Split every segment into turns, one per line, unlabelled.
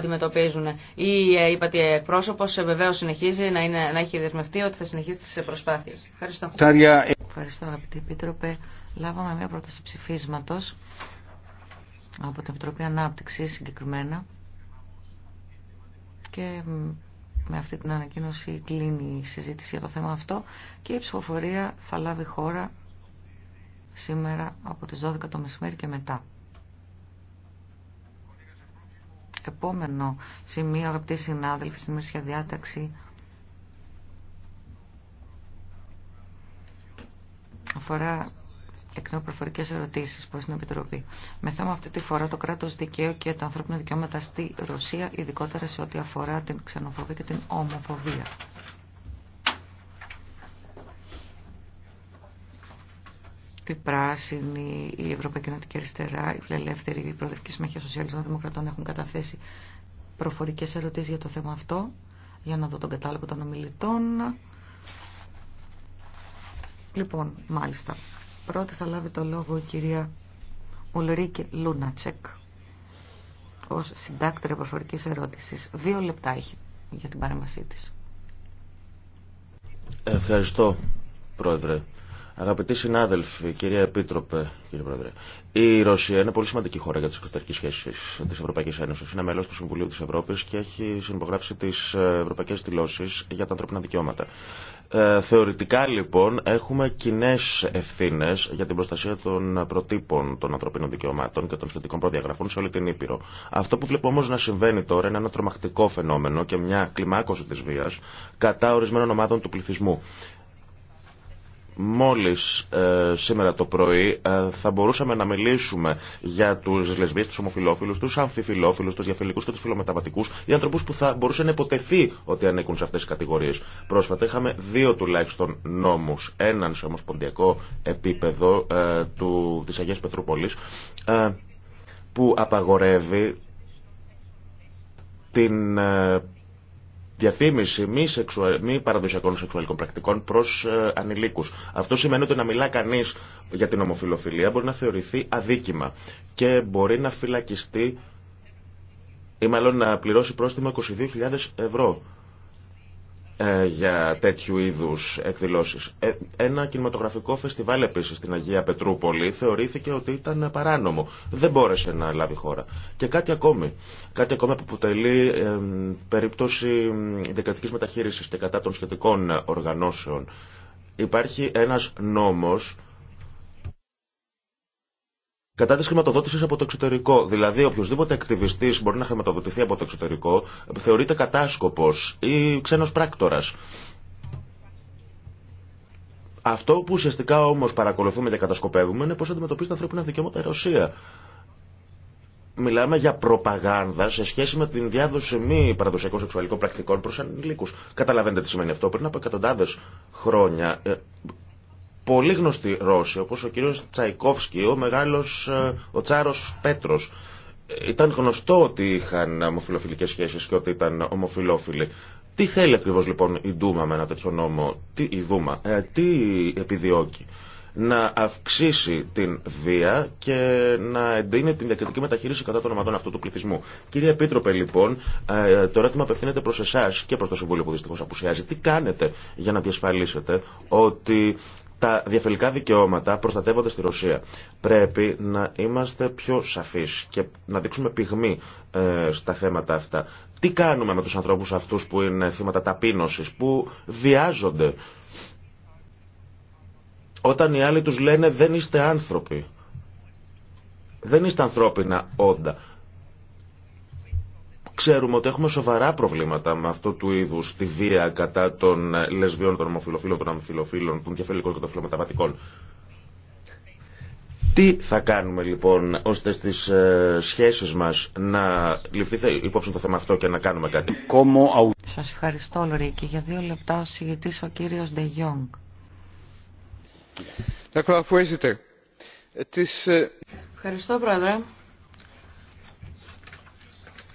αντιμετωπίζουν. Η ε, είπατε εκπρόσωπο ε, βεβαίω συνεχίζει να, είναι, να έχει δεσμευτεί ότι θα συνεχίσει τι ε, προσπάθειε. Ευχαριστώ.
Ευχαριστώ αγαπητή Επίτροπε. Λάβαμε μια πρόταση ψηφίσματο από την Επιτροπή Ανάπτυξη συγκεκριμένα και με αυτή την ανακοίνωση κλείνει η συζήτηση για το θέμα αυτό και η ψηφοφορία θα λάβει χώρα σήμερα από τις 12 το μεσημέρι και μετά. Επόμενο σημείο, αγαπητοί συνάδελφοι, στην μερσιά Διάταξη αφορά εκ νέου προφορικέ ερωτήσει την Επιτροπή. Με θέμα αυτή τη φορά το κράτος δικαίου και τα ανθρώπινα δικαιώματα στη Ρωσία, ειδικότερα σε ό,τι αφορά την ξενοφοβία και την ομοφοβία. η Πράσινη, η Ευρωπαϊκή Νοτική Αριστερά, η Φιλελεύθερη, η Προοδευτική Συμμαχία Σοσιαλιστών Δημοκρατών έχουν καταθέσει προφορικές ερωτήσεις για το θέμα αυτό. Για να δω τον κατάλογο των ομιλητών. Λοιπόν, μάλιστα. Πρώτη θα λάβει το λόγο η κυρία Ουλρίκη Λούνατσεκ ως συντάκτρια προφορικής ερώτησης. Δύο λεπτά έχει για την παρέμβασή τη.
Ευχαριστώ, Πρόεδρε. Αγαπητοί συνάδελφοι, κυρία Επίτροπε, κύριε Πρόεδρε, η Ρωσία είναι πολύ σημαντική χώρα για τι εξωτερικέ σχέσει τη Ευρωπαϊκή Ένωση. Είναι μέλο του Συμβουλίου τη Ευρώπη και έχει συνυπογράψει τι ευρωπαϊκέ δηλώσει για τα ανθρώπινα δικαιώματα. Ε, θεωρητικά λοιπόν έχουμε κοινέ ευθύνε για την προστασία των προτύπων των ανθρωπίνων δικαιωμάτων και των σχετικών προδιαγραφών σε όλη την Ήπειρο. Αυτό που βλέπω όμω να συμβαίνει τώρα είναι ένα τρομακτικό φαινόμενο και μια κλιμάκωση τη βία κατά ορισμένων ομάδων του πληθυσμού μόλις ε, σήμερα το πρωί ε, θα μπορούσαμε να μιλήσουμε για τους λεσβείς, τους ομοφιλόφιλους, τους αμφιφιλόφιλους, τους διαφιλικούς και τους φιλομεταβατικούς για ανθρώπους που θα μπορούσε να υποτεθεί ότι ανήκουν σε αυτές τις κατηγορίες. Πρόσφατα είχαμε δύο τουλάχιστον νόμους, έναν σε ομοσπονδιακό επίπεδο ε, του, της Αγίας Πετρούπολης ε, που απαγορεύει την διαφήμιση μη, παραδοσιακών σεξουαλικών πρακτικών προ ε, ανηλίκου. Αυτό σημαίνει ότι να μιλά κανεί για την ομοφιλοφιλία μπορεί να θεωρηθεί αδίκημα και μπορεί να φυλακιστεί ή μάλλον να πληρώσει πρόστιμο 22.000 ευρώ. Ε, για τέτοιου είδους εκδηλώσεις. Ε, ένα κινηματογραφικό φεστιβάλ επίσης στην Αγία Πετρούπολη θεωρήθηκε ότι ήταν παράνομο. Δεν μπόρεσε να λάβει χώρα. Και κάτι ακόμη. Κάτι ακόμη που αποτελεί περίπτωση δικρατικής μεταχείρισης και κατά των σχετικών οργανώσεων. Υπάρχει ένας νόμος κατά τη χρηματοδότηση από το εξωτερικό. Δηλαδή, οποιοδήποτε ακτιβιστή μπορεί να χρηματοδοτηθεί από το εξωτερικό θεωρείται κατάσκοπο ή ξένο πράκτορα. Αυτό που ουσιαστικά όμω παρακολουθούμε και κατασκοπεύουμε είναι πώ αντιμετωπίζει τα ανθρώπινα δικαιώματα η Ρωσία. Μιλάμε για προπαγάνδα σε σχέση με την διάδοση μη παραδοσιακών σεξουαλικών πρακτικών προ ανηλίκου. Καταλαβαίνετε τι σημαίνει αυτό. Πριν από εκατοντάδε χρόνια ε, πολύ γνωστοί Ρώσοι, όπως ο κύριος Τσαϊκόφσκι, ο μεγάλος, ε, ο Τσάρος Πέτρος. Ήταν γνωστό ότι είχαν ομοφιλοφιλικές σχέσεις και ότι ήταν ομοφιλόφιλοι. Τι θέλει ακριβώς λοιπόν η Δούμα με ένα τέτοιο νόμο, τι, η Δούμα, ε, τι επιδιώκει. Να αυξήσει την βία και να εντείνει την διακριτική μεταχείριση κατά των ομάδων αυτού του πληθυσμού. Κύριε Επίτροπε, λοιπόν, ε, το ερώτημα απευθύνεται προ εσά και προ το Συμβούλιο που δυστυχώ απουσιάζει. Τι κάνετε για να διασφαλίσετε ότι τα διαφελικά δικαιώματα προστατεύονται στη Ρωσία. Πρέπει να είμαστε πιο σαφείς και να δείξουμε πυγμή ε, στα θέματα αυτά. Τι κάνουμε με τους ανθρώπους αυτούς που είναι θύματα ταπείνωσης, που βιάζονται. Όταν οι άλλοι τους λένε δεν είστε άνθρωποι. Δεν είστε ανθρώπινα όντα. Ξέρουμε ότι έχουμε σοβαρά προβλήματα με αυτό του είδου τη βία κατά των ε, λεσβιών, των ομοφυλοφίλων, των αμφιλοφίλων, των διαφελικών και των φιλομεταβατικών. Τι θα κάνουμε λοιπόν ώστε στις ε, σχέσεις μας να ληφθεί υπόψη το θέμα αυτό και να κάνουμε κάτι.
Σας ευχαριστώ Λορίκη Για δύο λεπτά ο συγητής ο Ντε
Ευχαριστώ πρόεδρε.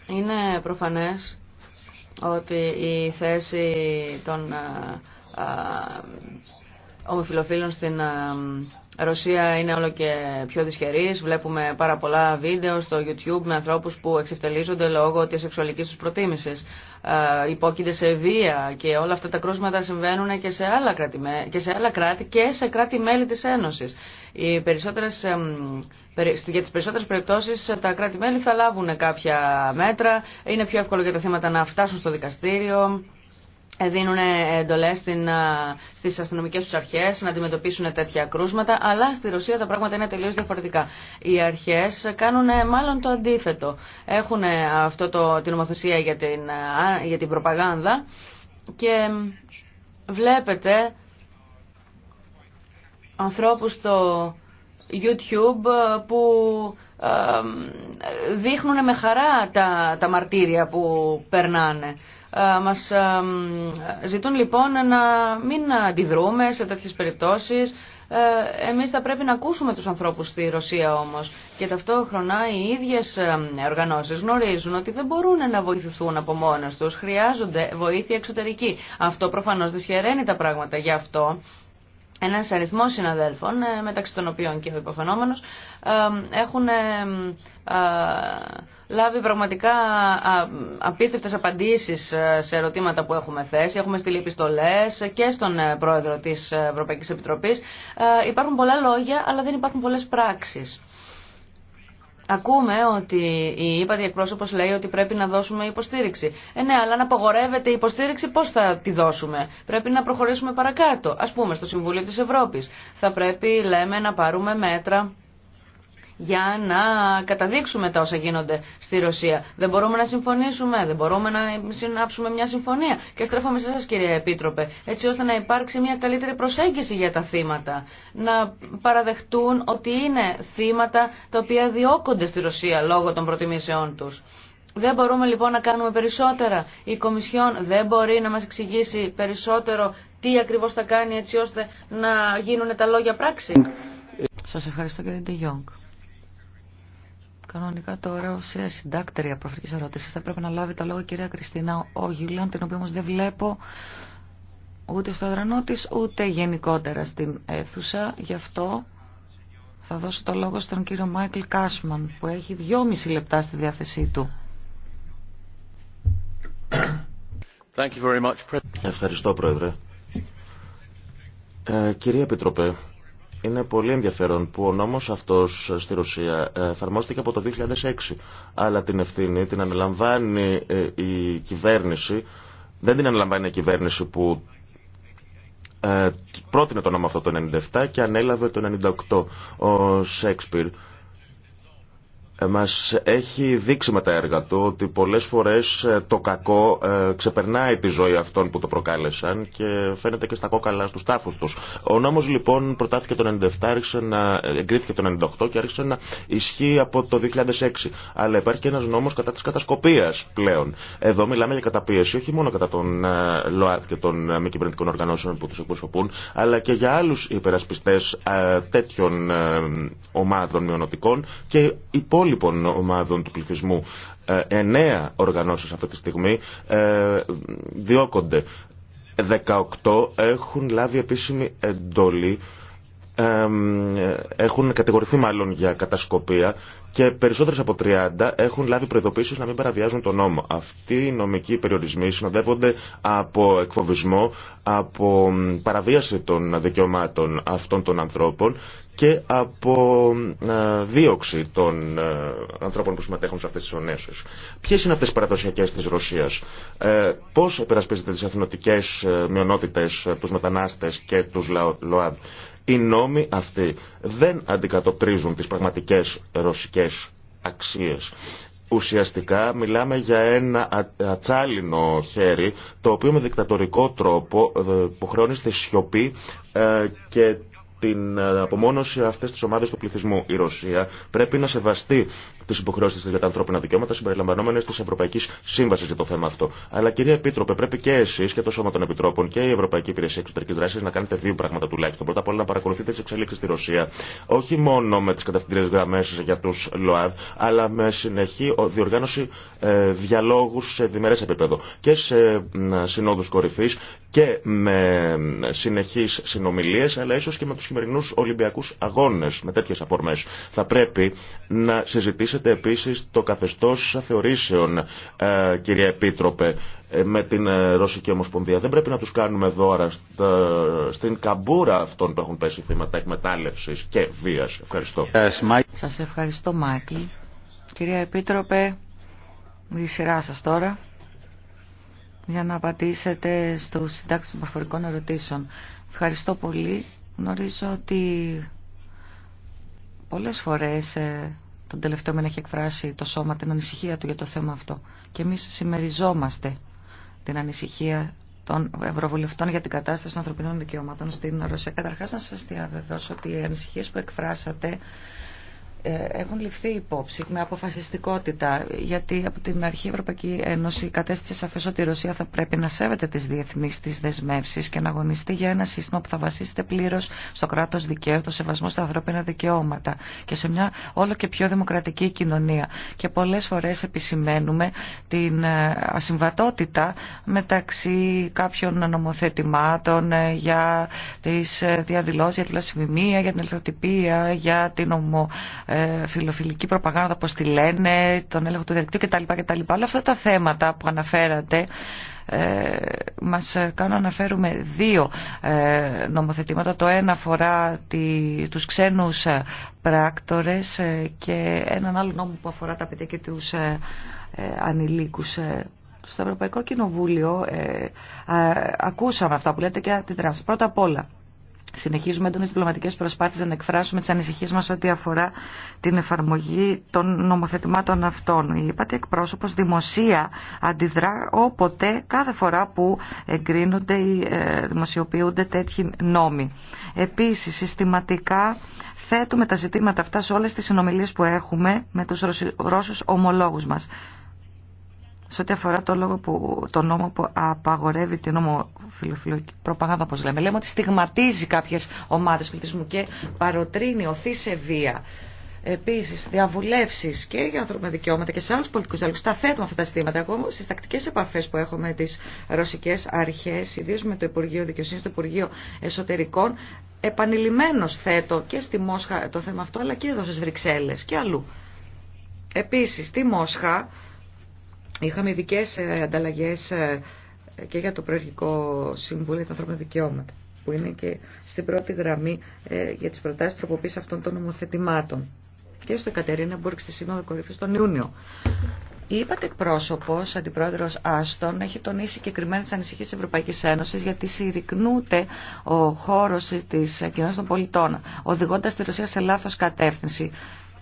Είναι προφανές ότι η θέση των ε, ε, ομοφιλοφίλων στην ε, Ρωσία είναι όλο και πιο δυσχερής. Βλέπουμε πάρα πολλά βίντεο στο YouTube με ανθρώπους που εξευτελίζονται λόγω της σεξουαλικής τους προτίμησης. Υπόκειται σε βία και όλα αυτά τα κρούσματα συμβαίνουν και σε άλλα κράτη και σε, άλλα κράτη, και σε κράτη-μέλη της Ένωσης. Οι περισσότερες για τι περισσότερες περιπτώσει, ε, τα κράτη-μέλη θα λάβουν κάποια μέτρα, είναι πιο εύκολο για τα θέματα να φτάσουν στο δικαστήριο, ε, δίνουν ε, εντολέ στι στις αστυνομικές αρχέ αρχές να αντιμετωπίσουν τέτοια κρούσματα, αλλά στη Ρωσία τα πράγματα είναι τελείως διαφορετικά. Οι αρχές κάνουν μάλλον το αντίθετο. Έχουν αυτό το, την νομοθεσία για την, για την προπαγάνδα και βλέπετε ανθρώπου στο YouTube ε, που ε, δείχνουν με χαρά τα, τα μαρτύρια που περνάνε. Ε, μας ζητούν λοιπόν να μην αντιδρούμε σε τέτοιες περιπτώσεις. Εμείς θα πρέπει να ακούσουμε τους ανθρώπους στη Ρωσία όμως και ταυτόχρονα οι ίδιες οργανώσεις γνωρίζουν ότι δεν μπορούν να βοηθηθούν από μόνες τους, χρειάζονται βοήθεια εξωτερική. Αυτό προφανώς δυσχεραίνει τα πράγματα. Γι' αυτό ένας αριθμός συναδέλφων, ε, μεταξύ των οποίων και ο υποφαινόμενος, έχουν λάβει πραγματικά απίστευτες απαντήσεις ε, σε ερωτήματα που έχουμε θέσει. Έχουμε στείλει επιστολές και στον ε, πρόεδρο της Ευρωπαϊκής Επιτροπής. Υπάρχουν πολλά λόγια, αλλά δεν υπάρχουν πολλές πράξεις. Ακούμε ότι η ύπατη εκπρόσωπος λέει ότι πρέπει να δώσουμε υποστήριξη. Ε, ναι, αλλά αν απογορεύεται η υποστήριξη πώς θα τη δώσουμε. Πρέπει να προχωρήσουμε παρακάτω. Ας πούμε στο Συμβούλιο της Ευρώπης. Θα πρέπει, λέμε, να πάρουμε μέτρα για να καταδείξουμε τα όσα γίνονται στη Ρωσία. Δεν μπορούμε να συμφωνήσουμε, δεν μπορούμε να συνάψουμε μια συμφωνία. Και στρέφομαι σε εσά, κύριε Επίτροπε, έτσι ώστε να υπάρξει μια καλύτερη προσέγγιση για τα θύματα. Να παραδεχτούν ότι είναι θύματα τα οποία διώκονται στη Ρωσία λόγω των προτιμήσεών τους. Δεν μπορούμε λοιπόν να κάνουμε περισσότερα. Η Κομισιόν δεν μπορεί να μας εξηγήσει περισσότερο τι ακριβώς θα κάνει έτσι ώστε να γίνουν τα λόγια πράξη.
Σας ευχαριστώ κύριε Ντεγιόγκ. Κανονικά τώρα ω συντάκτρια προφητική ερώτηση θα πρέπει να λάβει το λόγο η κυρία Κριστίνα Ογιουλάν, την οποία όμω δεν βλέπω ούτε στο δρανό τη ούτε γενικότερα στην αίθουσα. Γι' αυτό θα δώσω το λόγο στον κύριο Μάικλ Κάσμαν, που έχει δυόμιση λεπτά στη διάθεσή του.
Ευχαριστώ, Πρόεδρε. Ε, κυρία Επιτροπέ, είναι πολύ ενδιαφέρον που ο νόμος αυτός στη Ρωσία εφαρμόστηκε από το 2006, αλλά την ευθύνη την αναλαμβάνει ε, η κυβέρνηση, δεν την αναλαμβάνει η κυβέρνηση που ε, πρότεινε το νόμο αυτό το 1997 και ανέλαβε το 1998 Ο Σέξπιρ μας έχει δείξει με τα έργα του ότι πολλές φορές ε, το κακό ε, ξεπερνάει τη ζωή αυτών που το προκάλεσαν και φαίνεται και στα κόκαλα στους τάφους τους. Ο νόμος λοιπόν προτάθηκε το 97, να, ε, εγκρίθηκε το 98 και άρχισε να ισχύει από το 2006. Αλλά υπάρχει και ένας νόμος κατά της κατασκοπίας πλέον. Εδώ μιλάμε για καταπίεση όχι μόνο κατά των ΛΟΑΤ και των μη κυβερνητικών οργανώσεων που τους εκπροσωπούν, αλλά και για άλλους υπερασπιστές τέτοιων ομάδων μειονοτικών και υπόλοιπων ομάδων του πληθυσμού. Ε, εννέα οργανώσεις αυτή τη στιγμή ε, διώκονται. 18 έχουν λάβει επίσημη εντολή έχουν κατηγορηθεί μάλλον για κατασκοπία και περισσότερες από 30 έχουν λάβει προειδοποίησεις να μην παραβιάζουν τον νόμο. Αυτοί οι νομικοί περιορισμοί συνοδεύονται από εκφοβισμό, από παραβίαση των δικαιωμάτων αυτών των ανθρώπων και από δίωξη των ε, ανθρώπων που συμμετέχουν σε αυτές τις ονέσεις. Ποιέ είναι αυτές οι παραδοσιακές της Ρωσίας. Ε, πώς επερασπίζεται τις εθνοτικές ε, μειονότητες, ε, τους μετανάστες και τους ΛΟΑΔ. Οι νόμοι αυτοί δεν αντικατοπτρίζουν τις πραγματικές ρωσικές αξίες. Ουσιαστικά μιλάμε για ένα ατσάλινο χέρι το οποίο με δικτατορικό τρόπο ε, χρεώνει στη σιωπή ε, και την ε, απομόνωση αυτές τις ομάδες του πληθυσμού. Η Ρωσία πρέπει να σεβαστεί τι υποχρεώσει τη για τα ανθρώπινα δικαιώματα συμπεριλαμβανόμενε τη Ευρωπαϊκή Σύμβαση για το θέμα αυτό. Αλλά κυρία Επίτροπε, πρέπει και εσεί και το Σώμα των Επιτρόπων και η Ευρωπαϊκή Υπηρεσία Εξωτερική Δράση να κάνετε δύο πράγματα τουλάχιστον. Πρώτα απ' όλα να παρακολουθείτε τι εξελίξει στη Ρωσία, όχι μόνο με τι κατευθυντήρε γραμμέ για του ΛΟΑΔ, αλλά με συνεχή διοργάνωση ε, διαλόγου σε διμερέ επίπεδο και σε συνόδου κορυφή και με συνεχεί συνομιλίε, αλλά ίσω και με του χειμερινού Ολυμπιακού Αγώνε, με τέτοιε αφορμέ. Θα πρέπει να συζητήσει βελτιώσετε επίσης το καθεστώς θεωρήσεων, ε, κυρία Επίτροπε, ε, με την ε, Ρωσική Ομοσπονδία. Δεν πρέπει να τους κάνουμε δώρα στην καμπούρα αυτών που έχουν πέσει θύματα εκμετάλλευσης και βίας. Ευχαριστώ. Σας
ευχαριστώ Μάκη, Κυρία Επίτροπε, η σειρά σας τώρα για να απαντήσετε στο συντάξει των προφορικών ερωτήσεων. Ευχαριστώ πολύ. Γνωρίζω ότι πολλές φορές τον τελευταίο μήνα έχει εκφράσει το σώμα την ανησυχία του για το θέμα αυτό. Και εμείς συμμεριζόμαστε την ανησυχία των Ευρωβουλευτών για την κατάσταση των ανθρωπινών δικαιωμάτων στην Ρωσία. Καταρχάς να σας διαβεβαιώσω ότι οι ανησυχία που εκφράσατε ε, έχουν ληφθεί υπόψη με αποφασιστικότητα, γιατί από την αρχή η Ευρωπαϊκή Ένωση κατέστησε σαφέ ότι η Ρωσία θα πρέπει να σέβεται τι διεθνεί τη δεσμεύσει και να αγωνιστεί για ένα σύστημα που θα βασίζεται πλήρω στο κράτο δικαίου, το σεβασμό στα ανθρώπινα δικαιώματα και σε μια όλο και πιο δημοκρατική κοινωνία. Και πολλέ φορέ επισημαίνουμε την ε, ασυμβατότητα μεταξύ κάποιων νομοθετημάτων ε, για τι διαδηλώσει, για τη λασφημία, για την ελθοτυπία, για την ε, φιλοφιλική προπαγάνδα, πώς τη λένε, τον έλεγχο του διαδικτύου κτλ. κτλ. Όλα αυτά τα θέματα που αναφέρατε ε, μας να αναφέρουμε δύο ε, νομοθετήματα. Το ένα αφορά τη, τους ξένους ε, πράκτορες και έναν άλλο νόμο που αφορά τα παιδιά και τους ε, ανηλίκους. Στο Ευρωπαϊκό Κοινοβούλιο ακούσαμε αυτά που λέτε και την Πρώτα απ' όλα, Συνεχίζουμε έντονε διπλωματικέ προσπάθειε να εκφράσουμε τι ανησυχίε μα ό,τι αφορά την εφαρμογή των νομοθετημάτων αυτών. Η ΕΠΑΤΗ εκπρόσωπο δημοσία αντιδρά όποτε, κάθε φορά που εγκρίνονται ή ε, δημοσιοποιούνται τέτοιοι νόμοι. Επίση, συστηματικά θέτουμε τα ζητήματα αυτά σε όλε τι συνομιλίε που έχουμε με του Ρώσου ομολόγου μα σε ό,τι αφορά το, λόγο που, το νόμο που απαγορεύει την ομοφιλοφιλική προπαγάνδα, όπως λέμε. Λέμε ότι στιγματίζει κάποιες ομάδες πληθυσμού και παροτρύνει, οθεί σε βία. Επίσης, διαβουλεύσεις και για ανθρώπινα δικαιώματα και σε άλλους πολιτικούς διάλογους. Τα θέτουμε αυτά τα ζητήματα. Εγώ στις τακτικές επαφές που έχω με τις ρωσικές αρχές, ιδίως με το Υπουργείο Δικαιοσύνης, το Υπουργείο Εσωτερικών, επανειλημμένως θέτω και στη Μόσχα το θέμα αυτό, αλλά και εδώ στις Βρυξέλλες και αλλού. Επίσης, στη Μόσχα Είχαμε ειδικέ ε, ανταλλαγέ ε, και για το Προεργικό Συμβούλιο για τα Ανθρώπινα Δικαιώματα, που είναι και στην πρώτη γραμμή ε, για τι προτάσει τροποποίηση αυτών των νομοθετημάτων. Και στο Κατερίνα στη Σύνοδο Κορυφή τον Ιούνιο. Η εκπρόσωπο, αντιπρόεδρο Άστον, έχει τονίσει συγκεκριμένε ανησυχίε τη Ευρωπαϊκή Ένωση γιατί συρρυκνούται ο χώρο τη κοινωνία των πολιτών, οδηγώντα τη Ρωσία σε λάθο κατεύθυνση.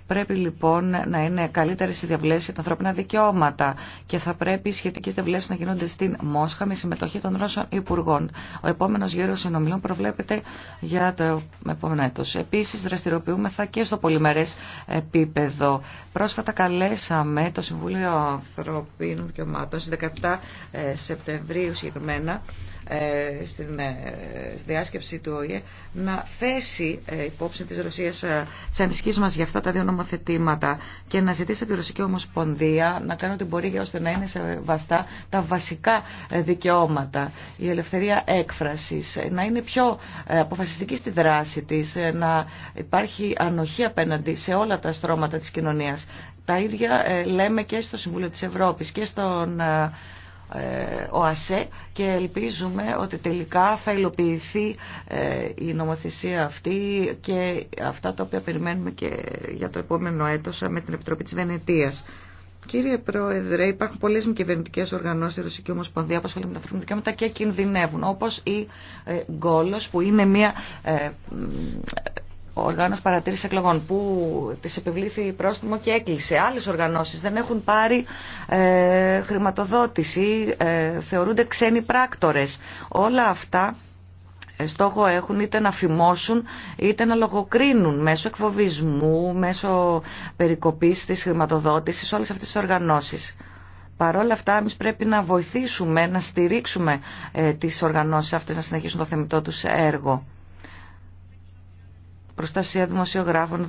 Πρέπει λοιπόν να είναι καλύτερε οι διαβλέψει για τα ανθρώπινα δικαιώματα και θα πρέπει οι σχετικέ διαβλέψει να γίνονται στην Μόσχα με συμμετοχή των Ρώσων Υπουργών. Ο επόμενο γύρο συνομιλών προβλέπεται για το επόμενο έτο. Επίση, δραστηριοποιούμεθα και στο πολυμερέ επίπεδο. Πρόσφατα καλέσαμε το Συμβούλιο Ανθρωπίνων Δικαιωμάτων στι 17 ε, Σεπτεμβρίου συγκεκριμένα ε, στην ε, διάσκεψη του ΟΗΕ να θέσει ε, υπόψη της Ρωσίας τις ανησυχίες μας για αυτά τα δύο νομοθετήματα και να ζητήσει από τη Ρωσική Ομοσπονδία να κάνει ό,τι μπορεί ώστε να είναι σεβαστά τα βασικά δικαιώματα, η ελευθερία έκφρασης, να είναι πιο αποφασιστική στη δράση της, να υπάρχει ανοχή απέναντι σε όλα τα στρώματα της κοινωνίας. Τα ίδια λέμε και στο Συμβούλιο της Ευρώπης και στον ε, ασε και ελπίζουμε ότι τελικά θα υλοποιηθεί ε, η νομοθεσία αυτή και αυτά τα οποία περιμένουμε και για το επόμενο έτος με την Επιτροπή της Βενετίας. Κύριε Πρόεδρε, υπάρχουν πολλέ μη κυβερνητικέ οργανώσει και Ρωσική Ομοσπονδία με τα ανθρώπινα δικαιώματα και κινδυνεύουν, όπω η ε, Γκόλο, που είναι μια ε, οργάνωση παρατήρηση εκλογών που τη επιβλήθη πρόστιμο και έκλεισε. Άλλε οργανώσει δεν έχουν πάρει ε, χρηματοδότηση, ε, θεωρούνται ξένοι πράκτορε. Όλα αυτά ε, στόχο έχουν είτε να φημώσουν είτε να λογοκρίνουν μέσω εκφοβισμού, μέσω περικοπής της χρηματοδότησης όλες αυτές τις οργανώσεις. Παρ' όλα αυτά, εμεί πρέπει να βοηθήσουμε, να στηρίξουμε ε, τις οργανώσεις αυτές να συνεχίσουν το θεμητό τους έργο προστασία δημοσιογράφων,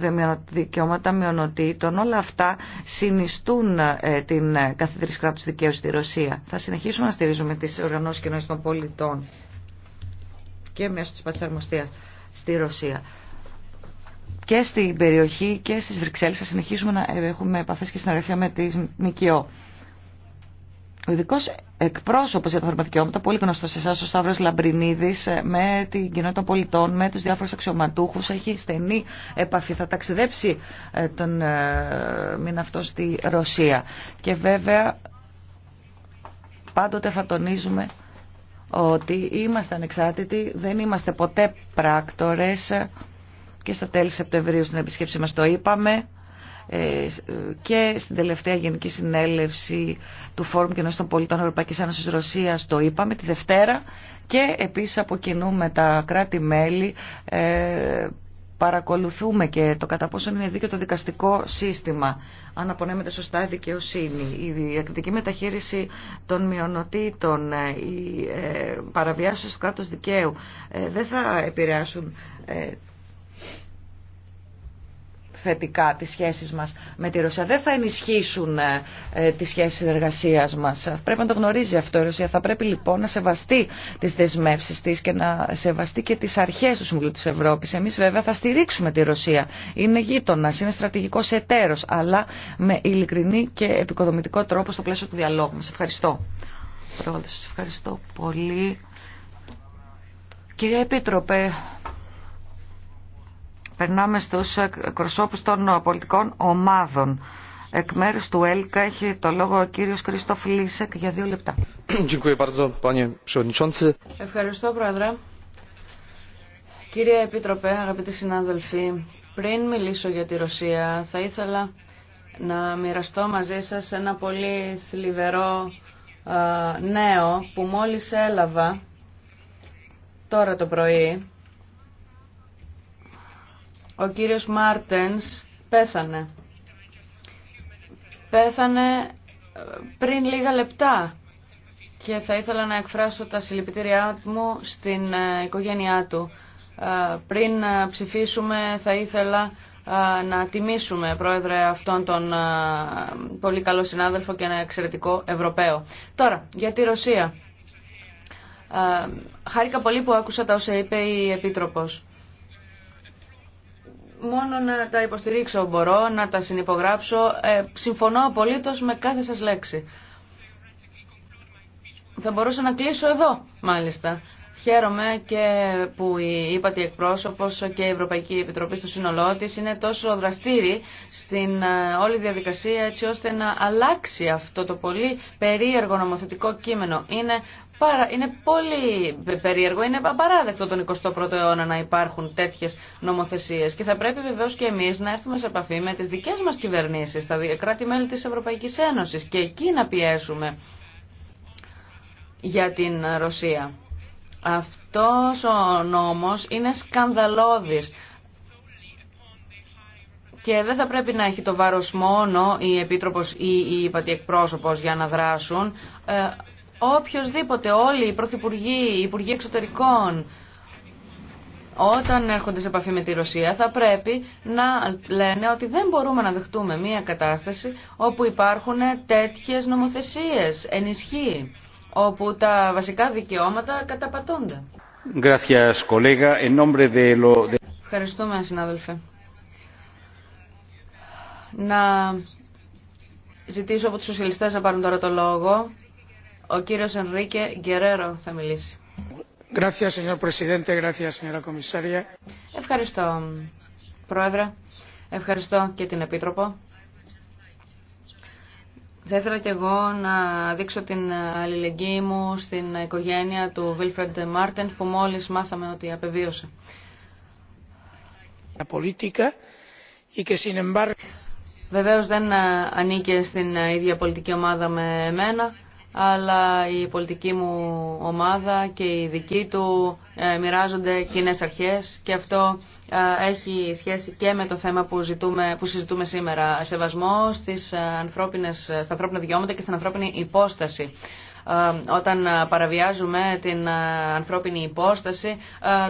δικαιώματα μειονοτήτων, όλα αυτά συνιστούν ε, την ε, καθεδρής κράτου δικαίου στη Ρωσία. Θα συνεχίσουμε να στηρίζουμε τις οργανώσεις κοινωνία των πολιτών και μέσω της πατσαρμοστία στη Ρωσία. Και στην περιοχή και στις Βρυξέλλες θα συνεχίσουμε να ε, έχουμε επαφέ και συνεργασία με τη ΜΚΟ. Ο ειδικό εκπρόσωπο για τα δικαιώματα, πολύ γνωστό σε εσά, ο Σταύρο Λαμπρινίδη, ε, με την κοινότητα των πολιτών, με του διάφορου αξιωματούχου, έχει στενή επαφή. Θα ταξιδέψει ε, τον ε, μήνα αυτό στη Ρωσία. Και βέβαια, πάντοτε θα τονίζουμε ότι είμαστε ανεξάρτητοι, δεν είμαστε ποτέ πράκτορες και στα τέλη Σεπτεμβρίου στην επισκέψη μας το είπαμε ε, και στην τελευταία Γενική Συνέλευση του Φόρουμ Κοινωνίας των Πολιτών Ευρωπαϊκής Ένωσης Ρωσίας το είπαμε τη Δευτέρα και επίσης από τα κράτη-μέλη ε, παρακολουθούμε και το κατά πόσο είναι δίκαιο το δικαστικό σύστημα, αν απονέμεται σωστά η δικαιοσύνη, η διακριτική μεταχείριση των μειονοτήτων, ε, οι παραβιάσεις του κράτους δικαίου, δεν θα επηρεάσουν θετικά τις σχέσεις μας με τη Ρωσία. Δεν θα ενισχύσουν ε, ε, τις σχέσεις συνεργασίας μας. Πρέπει να το γνωρίζει αυτό η Ρωσία. Θα πρέπει λοιπόν να σεβαστεί τις δεσμεύσεις της και να σεβαστεί και τις αρχές του Συμβουλίου της Ευρώπης. Εμείς βέβαια θα στηρίξουμε τη Ρωσία. Είναι γείτονα, είναι στρατηγικός εταίρος, αλλά με ειλικρινή και επικοδομητικό τρόπο στο πλαίσιο του διαλόγου μας. Ευχαριστώ. ευχαριστώ πολύ. Κυρία Επίτροπε, Περνάμε στους ε, εκπροσώπους των πολιτικών ομάδων. Εκ μέρου του ΕΛΚΑ έχει το λόγο ο κύριος Κρίστοφ Λίσεκ για δύο
λεπτά. Ευχαριστώ Πρόεδρε. Κύριε Επίτροπε, αγαπητοί συνάδελφοι, πριν μιλήσω για τη Ρωσία θα ήθελα να μοιραστώ μαζί σας ένα πολύ θλιβερό ε, νέο που μόλις έλαβα τώρα το πρωί ο κύριος Μάρτενς πέθανε. Πέθανε ε, πριν λίγα λεπτά και θα ήθελα να εκφράσω τα συλληπιτήριά μου στην ε, οικογένειά του. Ε, πριν ψηφίσουμε θα ήθελα να τιμήσουμε, Πρόεδρε, αυτόν τον πολύ καλό συνάδελφο και ένα εξαιρετικό Ευρωπαίο. Τώρα, για τη Ρωσία. Χάρηκα πολύ που άκουσα τα όσα είπε η Επίτροπος μόνο να τα υποστηρίξω μπορώ, να τα συνυπογράψω. Ε, συμφωνώ απολύτως με κάθε σας λέξη. Θα μπορούσα να κλείσω εδώ, μάλιστα. Χαίρομαι και που η ΥΠΑΤΗ εκπρόσωπος και η Ευρωπαϊκή Επιτροπή στο σύνολό τη είναι τόσο δραστήρη στην ε, όλη διαδικασία έτσι ώστε να αλλάξει αυτό το πολύ περίεργο νομοθετικό κείμενο. Είναι είναι πολύ περίεργο, είναι απαράδεκτο τον 21ο αιώνα να υπάρχουν τέτοιε νομοθεσίε. Και θα πρέπει βεβαίω και εμεί να έρθουμε σε επαφή με τι δικέ μα κυβερνήσει, τα κράτη-μέλη τη Ευρωπαϊκή Ένωση και εκεί να πιέσουμε για την Ρωσία. Αυτός ο νόμος είναι σκανδαλώδης και δεν θα πρέπει να έχει το βάρος μόνο η Επίτροπος ή η Υπατή Εκπρόσωπος για να δράσουν. Ε, οποιοςδήποτε, όλοι οι Πρωθυπουργοί, οι Υπουργοί Εξωτερικών, όταν έρχονται σε επαφή με τη Ρωσία θα πρέπει να λένε ότι δεν μπορούμε να δεχτούμε μια κατάσταση όπου υπάρχουν τέτοιες νομοθεσίες. Ενισχύει όπου τα βασικά δικαιώματα καταπατώνται. Ευχαριστούμε, συνάδελφε. Να ζητήσω από τους σοσιαλιστές να πάρουν τώρα το λόγο. Ο κύριος Ενρίκε Γκερέρο θα μιλήσει. Ευχαριστώ, Πρόεδρε. Ευχαριστώ και την Επίτροπο. Θα ήθελα και εγώ να δείξω την αλληλεγγύη μου στην οικογένεια του Βίλφρεντ Μάρτεν που μόλις μάθαμε ότι απεβίωσε. Βεβαίως δεν ανήκε στην ίδια πολιτική ομάδα με εμένα αλλά η πολιτική μου ομάδα και η δική του ε, μοιράζονται κοινέ αρχές και αυτό ε, έχει σχέση και με το θέμα που, ζητούμε, που συζητούμε σήμερα. Σεβασμό στις ε, ανθρώπινες, στα ανθρώπινα δικαιώματα και στην ανθρώπινη υπόσταση. Ε, όταν ε, παραβιάζουμε την ε, ανθρώπινη υπόσταση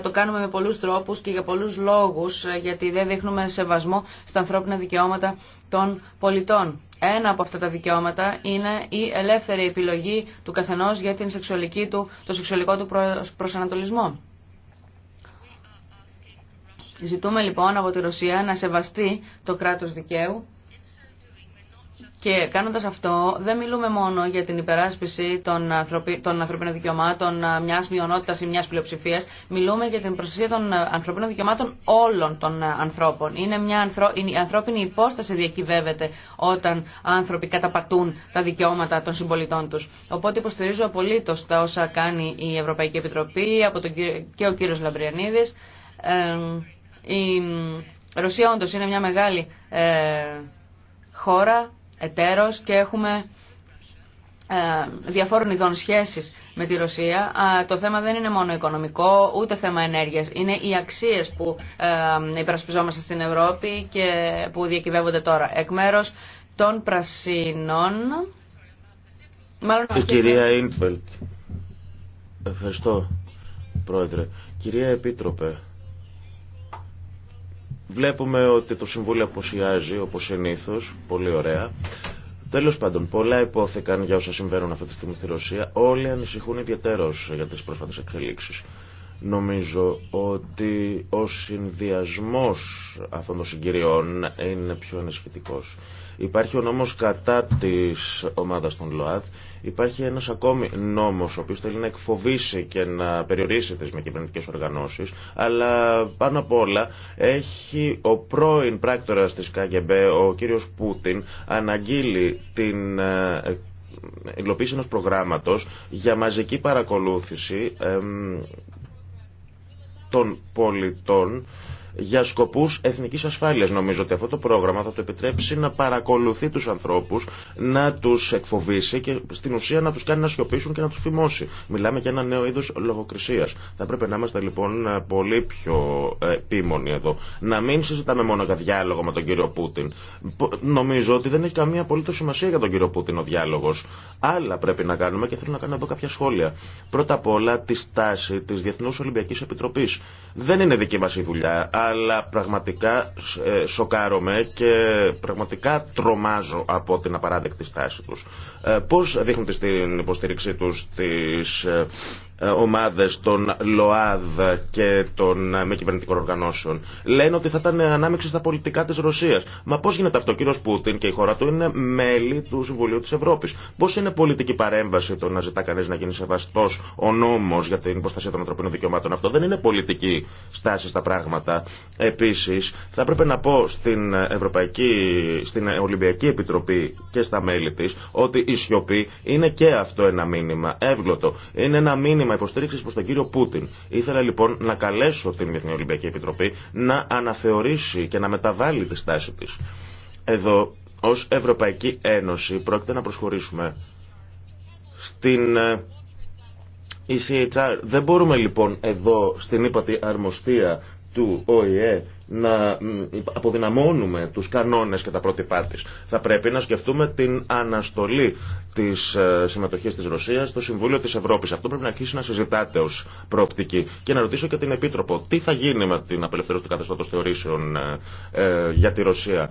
το κάνουμε με πολλούς τρόπους και για πολλούς λόγους γιατί δεν δείχνουμε σεβασμό στα ανθρώπινα δικαιώματα των πολιτών. Ένα από αυτά τα δικαιώματα είναι η ελεύθερη επιλογή του καθενός για την σεξουαλική του, το σεξουαλικό του προσανατολισμό. Ζητούμε λοιπόν από τη Ρωσία να σεβαστεί το κράτος δικαίου και κάνοντα αυτό δεν μιλούμε μόνο για την υπεράσπιση των, ανθρωπι... ανθρωπίνων δικαιωμάτων ε, μια μειονότητα ή μια πλειοψηφία. μιλούμε για την προστασία των ε, ανθρωπίνων δικαιωμάτων όλων των ε, ανθρώπων. Είναι μια ανθρω... Η ανθρώπινη υπόσταση διακυβεύεται όταν άνθρωποι καταπατούν τα δικαιώματα των συμπολιτών του. Οπότε υποστηρίζω απολύτω τα όσα κάνει η Ευρωπαϊκή Επιτροπή από τον... και ο κύριο Λαμπριανίδη. Ε, η Ρωσία όντω είναι μια μεγάλη ε, χώρα εταίρος και έχουμε ε, διαφόρων ειδών σχέσεις με τη Ρωσία το θέμα δεν είναι μόνο οικονομικό ούτε θέμα ενέργειας είναι οι αξίες που ε, υπερασπιζόμαστε στην Ευρώπη και που διακυβεύονται τώρα εκ μέρους των πρασίνων
η κυρία Ινφελτ ευχαριστώ πρόεδρε κυρία Επίτροπε Βλέπουμε ότι το Συμβούλιο αποσιάζει, όπως συνήθως, πολύ ωραία. Τέλο πάντων, πολλά υπόθηκαν για όσα συμβαίνουν αυτή τη στιγμή στη Ρωσία. Όλοι ανησυχούν ιδιαίτερω για τι πρόσφατε εξελίξει. Νομίζω ότι ο συνδυασμός αυτών των συγκυριών είναι πιο ενισχυτικός. Υπάρχει ο νόμος κατά της ομάδας των ΛΟΑΔ. Υπάρχει ένας ακόμη νόμος ο οποίος θέλει να εκφοβήσει και να περιορίσει τις με κυβερνητικές οργανώσεις. Αλλά πάνω απ' όλα έχει ο πρώην πράκτορας της ΚΑΚΕΜΠΕ, ο κύριος Πούτιν, αναγγείλει την ε, υλοποίηση ενός προγράμματος για μαζική παρακολούθηση των πολιτών για σκοπούς εθνικής ασφάλειας. Νομίζω ότι αυτό το πρόγραμμα θα το επιτρέψει να παρακολουθεί τους ανθρώπους, να τους εκφοβήσει και στην ουσία να τους κάνει να σιωπήσουν και να τους φημώσει. Μιλάμε για ένα νέο είδος λογοκρισίας. Θα πρέπει να είμαστε λοιπόν πολύ πιο επίμονοι εδώ. Να μην συζητάμε μόνο για διάλογο με τον κύριο Πούτιν. Νομίζω ότι δεν έχει καμία απολύτω σημασία για τον κύριο Πούτιν ο διάλογος. Άλλα πρέπει να κάνουμε και θέλω να κάνω εδώ κάποια σχόλια. Πρώτα απ' όλα τη στάση της Διεθνούς Ολυμπιακής Επιτροπής. Δεν είναι δική μας δουλειά, αλλά πραγματικά ε, σοκάρομαι και πραγματικά τρομάζω από την απαράδεκτη στάση τους. Ε, πώς δείχνουν την υποστήριξή τους τις... Ε, ε, ομάδες των ΛΟΑΔ και των ε, μη κυβερνητικών οργανώσεων λένε ότι θα ήταν ανάμειξη στα πολιτικά της Ρωσίας. Μα πώς γίνεται αυτό, ο κύριος Πούτιν και η χώρα του είναι μέλη του Συμβουλίου της Ευρώπης. Πώς είναι πολιτική παρέμβαση το να ζητά κανείς να γίνει σεβαστός ο νόμος για την προστασία των ανθρωπίνων δικαιωμάτων. Αυτό δεν είναι πολιτική στάση στα πράγματα. Επίσης, θα έπρεπε να πω στην, Ευρωπαϊκή, στην Ολυμπιακή Επιτροπή και στα μέλη της ότι η σιωπή είναι και αυτό ένα μήνυμα εύγλωτο. Είναι ένα μήνυμα μήνυμα υποστήριξη προ τον κύριο Πούτιν. Ήθελα λοιπόν να καλέσω την Διεθνή Ολυμπιακή Επιτροπή να αναθεωρήσει και να μεταβάλει τη στάση τη. Εδώ, ω Ευρωπαϊκή Ένωση, πρόκειται να προσχωρήσουμε στην ECHR. Ε, Δεν μπορούμε λοιπόν εδώ στην ύπατη αρμοστία του ΟΗΕ να αποδυναμώνουμε τους κανόνες και τα πρότυπά της. Θα πρέπει να σκεφτούμε την αναστολή της ε, συμμετοχής της Ρωσίας στο Συμβούλιο της Ευρώπης. Αυτό πρέπει να αρχίσει να συζητάτε ως προοπτική. Και να ρωτήσω και την Επίτροπο, τι θα γίνει με την απελευθερώση του καθεστώτος θεωρήσεων ε, ε, για τη Ρωσία.